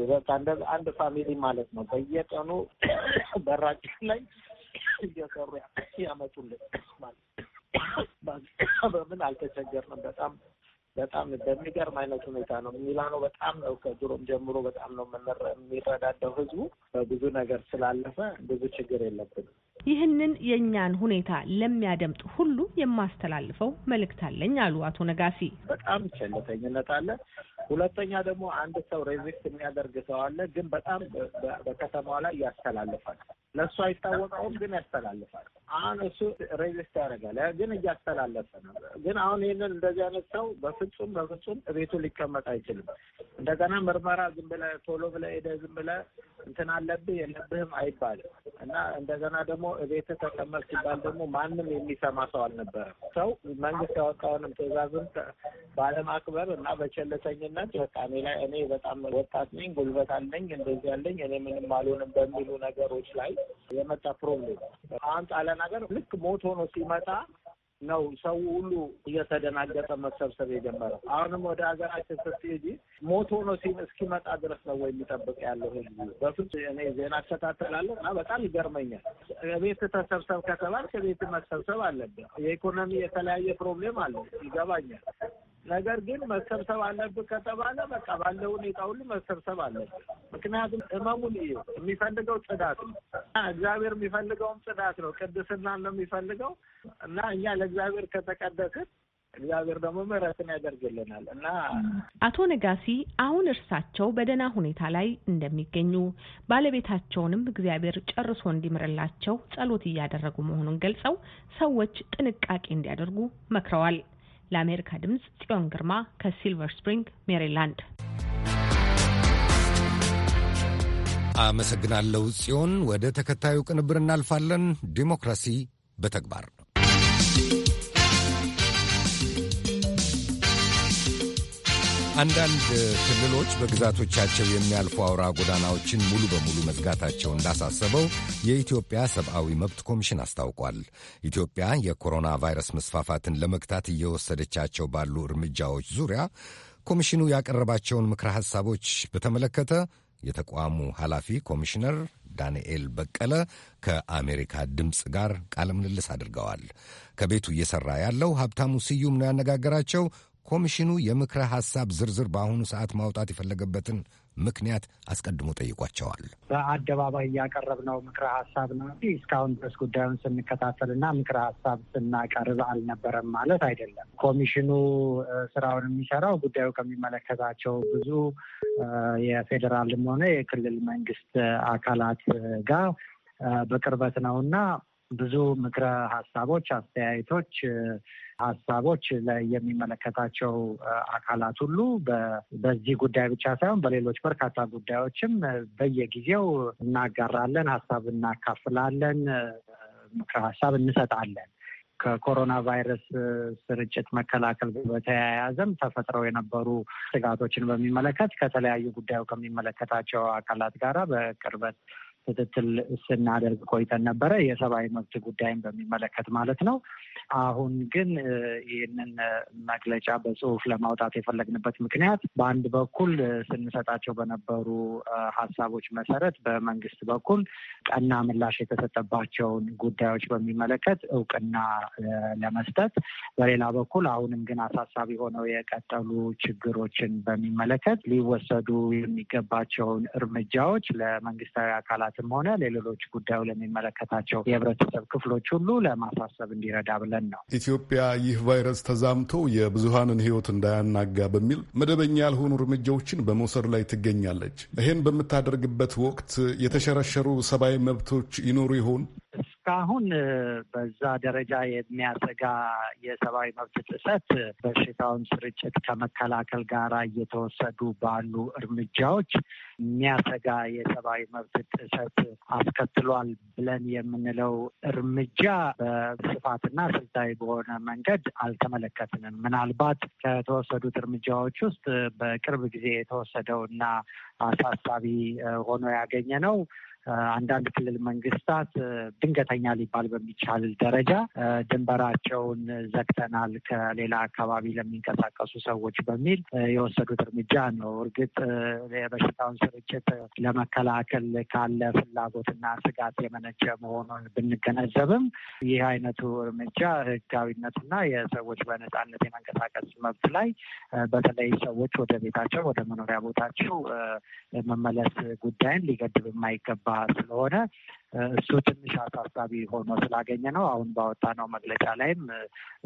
አንድ ፋሚሊ ማለት ነው በየቀኑ በራጭ ላይ እየሰሩ ያመጡልን ማለት በምን አልተቸገርንም በጣም በጣም በሚገርም አይነት ሁኔታ ነው። ሚላኖ በጣም ነው ከድሮም ጀምሮ በጣም ነው የሚረዳዳው ህዝቡ በብዙ ነገር ስላለፈ ብዙ ችግር የለብንም። ይህንን የእኛን ሁኔታ ለሚያደምጥ ሁሉ የማስተላልፈው መልእክት አለኝ አሉ አቶ ነጋሲ። በጣም ቸልተኝነት አለ። ሁለተኛ ደግሞ አንድ ሰው ሬዚክት የሚያደርግ ሰው አለ፣ ግን በጣም በከተማዋ ላይ ያስተላልፋል። ለእሱ አይታወቀውም፣ ግን ያስተላልፋል። አሁን እሱ ሬዚስት ያደርጋል፣ ግን እያስተላለፈ ነው። ግን አሁን ይህንን እንደዚህ አይነት ሰው በፍጹም በፍጹም ቤቱ ሊቀመጥ አይችልም። እንደገና ምርመራ ዝም ብለህ ቶሎ ብለህ ሄደህ ዝም ብለህ እንትን አለብህ የለብህም አይባልም እና እንደገና ደግሞ ደግሞ እቤት ተቀመጥ ሲባል ደግሞ ማንም የሚሰማ ሰው አልነበረም። ሰው መንግስት ያወጣውንም ትዕዛዝም ባለማክበር እና በቸለተኝነት በቃ እኔ ላይ እኔ በጣም ወጣት ነኝ፣ ጉልበት አለኝ፣ እንደዚህ ያለኝ እኔ ምንም አልሆንም በሚሉ ነገሮች ላይ የመጣ ፕሮብሌም አሁን ጣሊያን ሀገር ልክ ሞት ሆኖ ሲመጣ ነው ሰው ሁሉ እየተደናገጠ መሰብሰብ የጀመረው። አሁንም ወደ ሀገራችን ስትሄጂ ሞቶ ነው ሲል እስኪመጣ ድረስ ነው ወይ የሚጠብቅ ያለው ህዝቡ? በፍጹ እኔ ዜና እከታተላለሁ እና በጣም ይገርመኛል። ቤት ተሰብሰብ ከተባልክ ቤት መሰብሰብ አለብን። የኢኮኖሚ የተለያየ ፕሮብሌም አለ ይገባኛል። ነገር ግን መሰብሰብ አለብህ ከተባለ በቃ ባለ ሁኔታ ሁሉ መሰብሰብ አለብህ። ምክንያቱም ህመሙን እዩ የሚፈልገው ጽዳት ነው። እግዚአብሔር የሚፈልገውም ጽዳት ነው፣ ቅድስናን ነው የሚፈልገው እና እኛ እግዚአብሔር ከተቀደስን እግዚአብሔር ደግሞ ምሕረትን ያደርግልናል እና አቶ ነጋሲ አሁን እርሳቸው በደህና ሁኔታ ላይ እንደሚገኙ ባለቤታቸውንም እግዚአብሔር ጨርሶ እንዲምርላቸው ጸሎት እያደረጉ መሆኑን ገልጸው ሰዎች ጥንቃቄ እንዲያደርጉ መክረዋል። ለአሜሪካ ድምጽ ጽዮን ግርማ ከሲልቨር ስፕሪንግ ሜሪላንድ። አመሰግናለሁ ጽዮን። ወደ ተከታዩ ቅንብር እናልፋለን። ዲሞክራሲ በተግባር አንዳንድ ክልሎች በግዛቶቻቸው የሚያልፉ አውራ ጎዳናዎችን ሙሉ በሙሉ መዝጋታቸው እንዳሳሰበው የኢትዮጵያ ሰብአዊ መብት ኮሚሽን አስታውቋል። ኢትዮጵያ የኮሮና ቫይረስ መስፋፋትን ለመግታት እየወሰደቻቸው ባሉ እርምጃዎች ዙሪያ ኮሚሽኑ ያቀረባቸውን ምክረ ሐሳቦች በተመለከተ የተቋሙ ኃላፊ ኮሚሽነር ዳንኤል በቀለ ከአሜሪካ ድምፅ ጋር ቃለ ምልልስ አድርገዋል። ከቤቱ እየሠራ ያለው ሀብታሙ ስዩም ነው ያነጋገራቸው። ኮሚሽኑ የምክረ ሐሳብ ዝርዝር በአሁኑ ሰዓት ማውጣት የፈለገበትን ምክንያት አስቀድሞ ጠይቋቸዋል። በአደባባይ እያቀረብነው ምክረ ሐሳብ ነው እንጂ እስካሁን ድረስ ጉዳዩን ስንከታተልና ምክረ ሐሳብ ስናቀርብ አልነበረም ማለት አይደለም። ኮሚሽኑ ስራውን የሚሰራው ጉዳዩ ከሚመለከታቸው ብዙ የፌዴራልም ሆነ የክልል መንግስት አካላት ጋር በቅርበት ነው እና ብዙ ምክረ ሐሳቦች፣ አስተያየቶች ሀሳቦች የሚመለከታቸው አካላት ሁሉ በዚህ ጉዳይ ብቻ ሳይሆን በሌሎች በርካታ ጉዳዮችም በየጊዜው እናጋራለን፣ ሀሳብ እናካፍላለን፣ ምክረ ሀሳብ እንሰጣለን። ከኮሮና ቫይረስ ስርጭት መከላከል በተያያዘም ተፈጥረው የነበሩ ስጋቶችን በሚመለከት ከተለያዩ ጉዳዩ ከሚመለከታቸው አካላት ጋራ በቅርበት ክትትል ስናደርግ ቆይተን ነበረ። የሰብአዊ መብት ጉዳይን በሚመለከት ማለት ነው። አሁን ግን ይህንን መግለጫ በጽሁፍ ለማውጣት የፈለግንበት ምክንያት በአንድ በኩል ስንሰጣቸው በነበሩ ሀሳቦች መሰረት በመንግስት በኩል ቀና ምላሽ የተሰጠባቸውን ጉዳዮች በሚመለከት እውቅና ለመስጠት፣ በሌላ በኩል አሁንም ግን አሳሳቢ ሆነው የቀጠሉ ችግሮችን በሚመለከት ሊወሰዱ የሚገባቸውን እርምጃዎች ለመንግስታዊ አካላት አካላትም ሆነ ለሌሎች ጉዳዩ ለሚመለከታቸው የህብረተሰብ ክፍሎች ሁሉ ለማሳሰብ እንዲረዳ ብለን ነው። ኢትዮጵያ ይህ ቫይረስ ተዛምቶ የብዙሀንን ህይወት እንዳያናጋ በሚል መደበኛ ያልሆኑ እርምጃዎችን በመውሰድ ላይ ትገኛለች። ይህን በምታደርግበት ወቅት የተሸረሸሩ ሰብአዊ መብቶች ይኖሩ ይሆን? እስካሁን በዛ ደረጃ የሚያሰጋ የሰብአዊ መብት ጥሰት በሽታውን ስርጭት ከመከላከል ጋር እየተወሰዱ ባሉ እርምጃዎች የሚያሰጋ የሰብአዊ መብት ጥሰት አስከትሏል ብለን የምንለው እርምጃ በስፋትና ስልታዊ በሆነ መንገድ አልተመለከትንም። ምናልባት ከተወሰዱት እርምጃዎች ውስጥ በቅርብ ጊዜ የተወሰደው እና አሳሳቢ ሆኖ ያገኘ ነው አንዳንድ ክልል መንግስታት ድንገተኛ ሊባል በሚቻል ደረጃ ድንበራቸውን ዘግተናል ከሌላ አካባቢ ለሚንቀሳቀሱ ሰዎች በሚል የወሰዱት እርምጃ ነው። እርግጥ የበሽታውን ስርጭት ለመከላከል ካለ ፍላጎትና ስጋት የመነጨ መሆኑን ብንገነዘብም ይህ አይነቱ እርምጃ ህጋዊነትና የሰዎች በነጻነት የመንቀሳቀስ መብት ላይ በተለይ ሰዎች ወደ ቤታቸው ወደ መኖሪያ ቦታቸው መመለስ ጉዳይን ሊገድብ የማይገባ በዓል ስለሆነ እሱ ትንሽ አሳሳቢ ሆኖ ስላገኘ ነው። አሁን ባወጣነው መግለጫ ላይም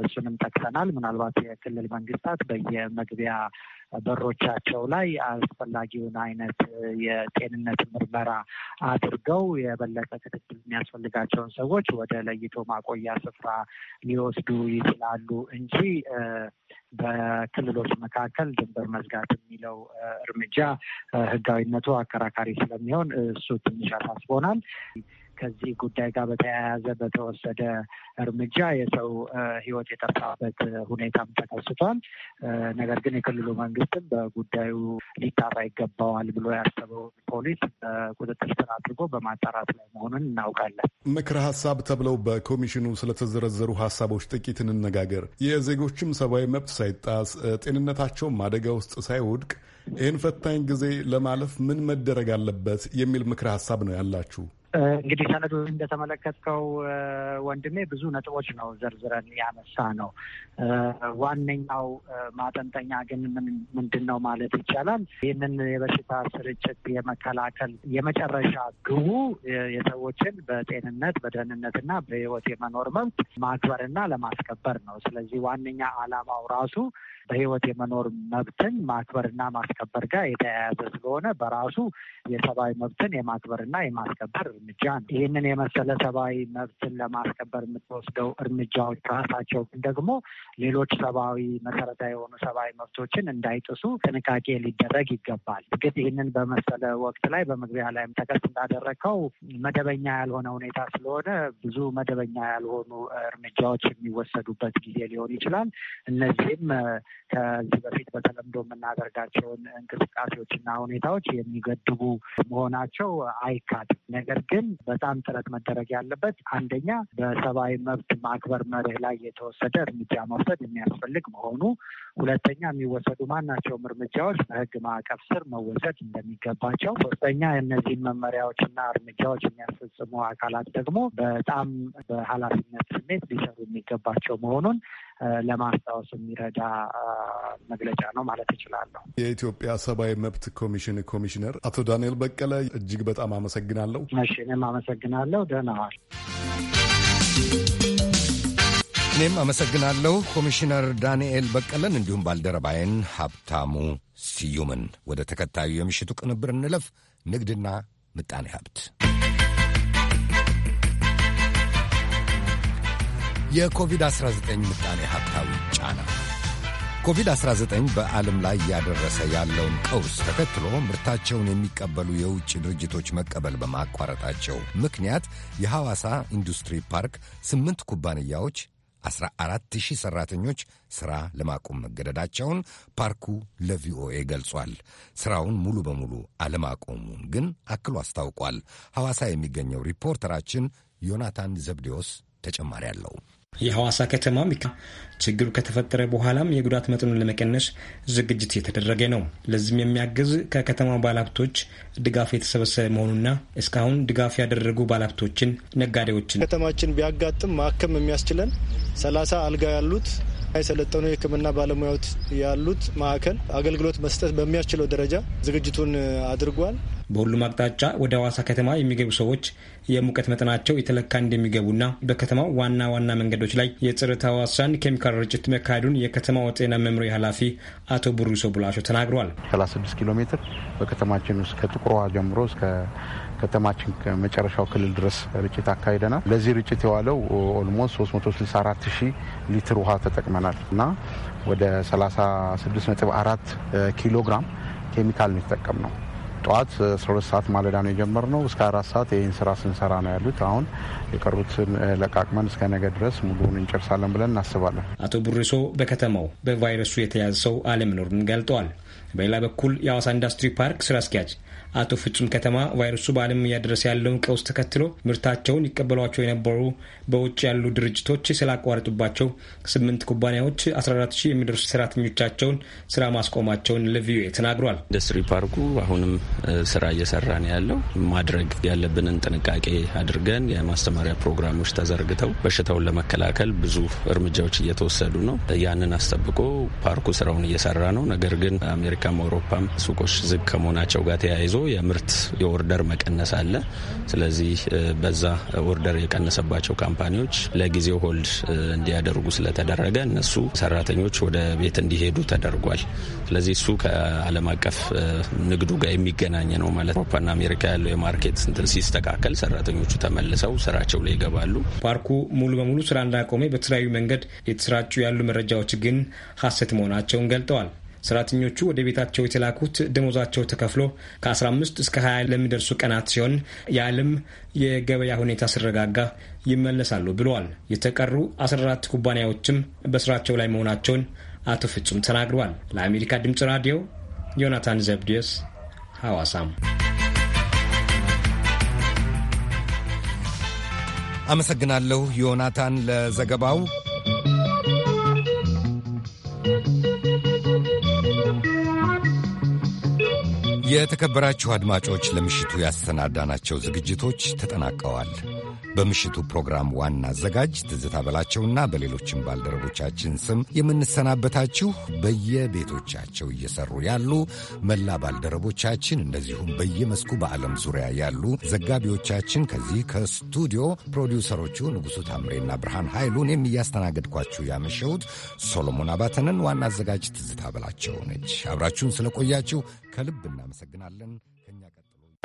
እሱንም ጠቅሰናል። ምናልባት የክልል መንግስታት በየመግቢያ በሮቻቸው ላይ አስፈላጊውን አይነት የጤንነት ምርመራ አድርገው የበለጠ ክትትል የሚያስፈልጋቸውን ሰዎች ወደ ለይቶ ማቆያ ስፍራ ሊወስዱ ይችላሉ እንጂ በክልሎች መካከል ድንበር መዝጋት የሚለው እርምጃ ሕጋዊነቱ አከራካሪ ስለሚሆን እሱ ትንሽ አሳስቦናል። ከዚህ ጉዳይ ጋር በተያያዘ በተወሰደ እርምጃ የሰው ሕይወት የጠፋበት ሁኔታም ተከስቷል። ነገር ግን የክልሉ መንግስትም በጉዳዩ ሊጣራ ይገባዋል ብሎ ያሰበውን ፖሊስ ቁጥጥር ስር አድርጎ በማጣራት ላይ መሆኑን እናውቃለን። ምክረ ሀሳብ ተብለው በኮሚሽኑ ስለተዘረዘሩ ሀሳቦች ጥቂት እንነጋገር። የዜጎችም ሰብአዊ መብት ሳይጣስ ጤንነታቸውም አደጋ ውስጥ ሳይወድቅ ይህን ፈታኝ ጊዜ ለማለፍ ምን መደረግ አለበት የሚል ምክረ ሀሳብ ነው ያላችሁ? እንግዲህ ሰነዱ እንደተመለከትከው ወንድሜ ብዙ ነጥቦች ነው ዘርዝረን ያነሳ ነው። ዋነኛው ማጠንጠኛ ግን ምንድን ነው ማለት ይቻላል ይህንን የበሽታ ስርጭት የመከላከል የመጨረሻ ግቡ የሰዎችን በጤንነት በደህንነትና በሕይወት የመኖር መብት ማክበርና ለማስከበር ነው። ስለዚህ ዋነኛ ዓላማው ራሱ በህይወት የመኖር መብትን ማክበርና ማስከበር ጋር የተያያዘ ስለሆነ በራሱ የሰብአዊ መብትን የማክበርና የማስከበር እርምጃ ነው። ይህንን የመሰለ ሰብአዊ መብትን ለማስከበር የምትወስደው እርምጃዎች ራሳቸው ግን ደግሞ ሌሎች ሰብአዊ መሰረታዊ የሆኑ ሰብአዊ መብቶችን እንዳይጥሱ ጥንቃቄ ሊደረግ ይገባል። ግን ይህንን በመሰለ ወቅት ላይ በመግቢያ ላይም ጠቀስ እንዳደረግከው መደበኛ ያልሆነ ሁኔታ ስለሆነ ብዙ መደበኛ ያልሆኑ እርምጃዎች የሚወሰዱበት ጊዜ ሊሆን ይችላል። እነዚህም ከዚህ በፊት በተለምዶ የምናደርጋቸውን እንቅስቃሴዎችና ሁኔታዎች የሚገድቡ መሆናቸው አይካድም። ነገር ግን በጣም ጥረት መደረግ ያለበት አንደኛ በሰብአዊ መብት ማክበር መርህ ላይ የተወሰደ እርምጃ መውሰድ የሚያስፈልግ መሆኑ፣ ሁለተኛ የሚወሰዱ ማናቸውም እርምጃዎች በህግ ማዕቀፍ ስር መወሰድ እንደሚገባቸው፣ ሶስተኛ እነዚህን መመሪያዎችና እርምጃዎች የሚያስፈጽሙ አካላት ደግሞ በጣም በኃላፊነት ስሜት ሊሰሩ የሚገባቸው መሆኑን ለማስታወስ የሚረዳ መግለጫ ነው ማለት እችላለሁ። የኢትዮጵያ ሰብአዊ መብት ኮሚሽን ኮሚሽነር አቶ ዳንኤል በቀለ እጅግ በጣም አመሰግናለሁ። እሺ፣ እኔም አመሰግናለሁ። ደህና ዋል። እኔም አመሰግናለሁ ኮሚሽነር ዳንኤል በቀለን እንዲሁም ባልደረባይን ሀብታሙ ስዩምን። ወደ ተከታዩ የምሽቱ ቅንብር እንለፍ። ንግድና ምጣኔ ሀብት የኮቪድ-19 ምጣኔ ሀብታዊ ጫና ኮቪድ-19 በዓለም ላይ እያደረሰ ያለውን ቀውስ ተከትሎ ምርታቸውን የሚቀበሉ የውጭ ድርጅቶች መቀበል በማቋረጣቸው ምክንያት የሐዋሳ ኢንዱስትሪ ፓርክ ስምንት ኩባንያዎች 14,000 ሠራተኞች ሥራ ለማቆም መገደዳቸውን ፓርኩ ለቪኦኤ ገልጿል። ሥራውን ሙሉ በሙሉ አለማቆሙን ግን አክሎ አስታውቋል። ሐዋሳ የሚገኘው ሪፖርተራችን ዮናታን ዘብዴዎስ ተጨማሪ አለው። የሐዋሳ ከተማ ችግሩ ከተፈጠረ በኋላም የጉዳት መጠኑን ለመቀነስ ዝግጅት የተደረገ ነው። ለዚህም የሚያግዝ ከከተማ ባለሀብቶች ድጋፍ የተሰበሰበ መሆኑና እስካሁን ድጋፍ ያደረጉ ባለሀብቶችን፣ ነጋዴዎችን ከተማችን ቢያጋጥም ማከም የሚያስችለን ሰላሳ አልጋ ያሉት የሰለጠኑ የሕክምና ባለሙያዎች ያሉት ማዕከል አገልግሎት መስጠት በሚያስችለው ደረጃ ዝግጅቱን አድርጓል። በሁሉም አቅጣጫ ወደ ሐዋሳ ከተማ የሚገቡ ሰዎች የሙቀት መጠናቸው የተለካ እንደሚገቡና በከተማው ዋና ዋና መንገዶች ላይ የጸረ ተህዋሲያን ኬሚካል ርጭት መካሄዱን የከተማው ጤና መምሪያ ኃላፊ አቶ ቡሪሶ ቡላሾ ተናግሯል። 36 ኪሎ ሜትር በከተማችን ውስጥ ከጥቁር ውሃ ጀምሮ እስከ ከተማችን ከመጨረሻው ክልል ድረስ ርጭት አካሂደናል። ለዚህ ርጭት የዋለው ኦልሞስት 364 ሺህ ሊትር ውሃ ተጠቅመናል እና ወደ 36.4 ኪሎ ግራም ኬሚካል ነው የተጠቀም ነው። ጠዋት 12 ሰዓት ማለዳ ነው የጀመርነው። እስከ አራት ሰዓት ይህን ስራ ስንሰራ ነው ያሉት። አሁን የቀሩትን ለቃቅመን እስከ ነገ ድረስ ሙሉውን እንጨርሳለን ብለን እናስባለን። አቶ ቡሬሶ በከተማው በቫይረሱ የተያዘ ሰው አለመኖሩን ገልጠዋል። በሌላ በኩል የአዋሳ ኢንዱስትሪ ፓርክ ስራ አስኪያጅ አቶ ፍጹም ከተማ ቫይረሱ በዓለም እያደረሰ ያለውን ቀውስ ተከትሎ ምርታቸውን ይቀበሏቸው የነበሩ በውጭ ያሉ ድርጅቶች ስላቋረጡባቸው ስምንት ኩባንያዎች 14 ሺህ የሚደርሱ ሰራተኞቻቸውን ስራ ማስቆማቸውን ለቪኦኤ ተናግሯል። ኢንዱስትሪ ፓርኩ አሁንም ስራ እየሰራ ነው ያለው። ማድረግ ያለብንን ጥንቃቄ አድርገን የማስተማሪያ ፕሮግራሞች ተዘርግተው በሽታውን ለመከላከል ብዙ እርምጃዎች እየተወሰዱ ነው። ያንን አስጠብቆ ፓርኩ ስራውን እየሰራ ነው። ነገር ግን አሜሪካም አውሮፓም ሱቆች ዝግ ከመሆናቸው ጋር ተያይዞ ተያይዞ የምርት የኦርደር መቀነስ አለ። ስለዚህ በዛ ኦርደር የቀነሰባቸው ካምፓኒዎች ለጊዜው ሆልድ እንዲያደርጉ ስለተደረገ እነሱ ሰራተኞች ወደ ቤት እንዲሄዱ ተደርጓል። ስለዚህ እሱ ከዓለም አቀፍ ንግዱ ጋር የሚገናኝ ነው ማለት ነው። አውሮፓና አሜሪካ ያለው የማርኬት ስንትን ሲስተካከል ሰራተኞቹ ተመልሰው ስራቸው ላይ ይገባሉ። ፓርኩ ሙሉ በሙሉ ስራ እንዳቆመ በተለያዩ መንገድ የተሰራጩ ያሉ መረጃዎች ግን ሀሰት መሆናቸውን ገልጠዋል። ሰራተኞቹ ወደ ቤታቸው የተላኩት ደሞዛቸው ተከፍሎ ከ15 እስከ 20 ለሚደርሱ ቀናት ሲሆን የዓለም የገበያ ሁኔታ ሲረጋጋ ይመለሳሉ ብለዋል። የተቀሩ 14 ኩባንያዎችም በስራቸው ላይ መሆናቸውን አቶ ፍጹም ተናግረዋል። ለአሜሪካ ድምፅ ራዲዮ ዮናታን ዘብዲዮስ ሐዋሳም አመሰግናለሁ ዮናታን ለዘገባው። የተከበራችሁ አድማጮች ለምሽቱ ያሰናዳናቸው ዝግጅቶች ተጠናቀዋል። በምሽቱ ፕሮግራም ዋና አዘጋጅ ትዝታ በላቸውና በሌሎችም ባልደረቦቻችን ስም የምንሰናበታችሁ በየቤቶቻቸው እየሰሩ ያሉ መላ ባልደረቦቻችን እንደዚሁም በየመስኩ በዓለም ዙሪያ ያሉ ዘጋቢዎቻችን ከዚህ ከስቱዲዮ ፕሮዲውሰሮቹ ንጉሡ ታምሬና ብርሃን ኃይሉን የሚያስተናገድኳችሁ ያመሸሁት ሶሎሞን አባተንን ዋና አዘጋጅ ትዝታ በላቸው ነች። አብራችሁን ስለቆያችሁ ከልብ እናመሰግናለን። ከእኛ ቀጥሎ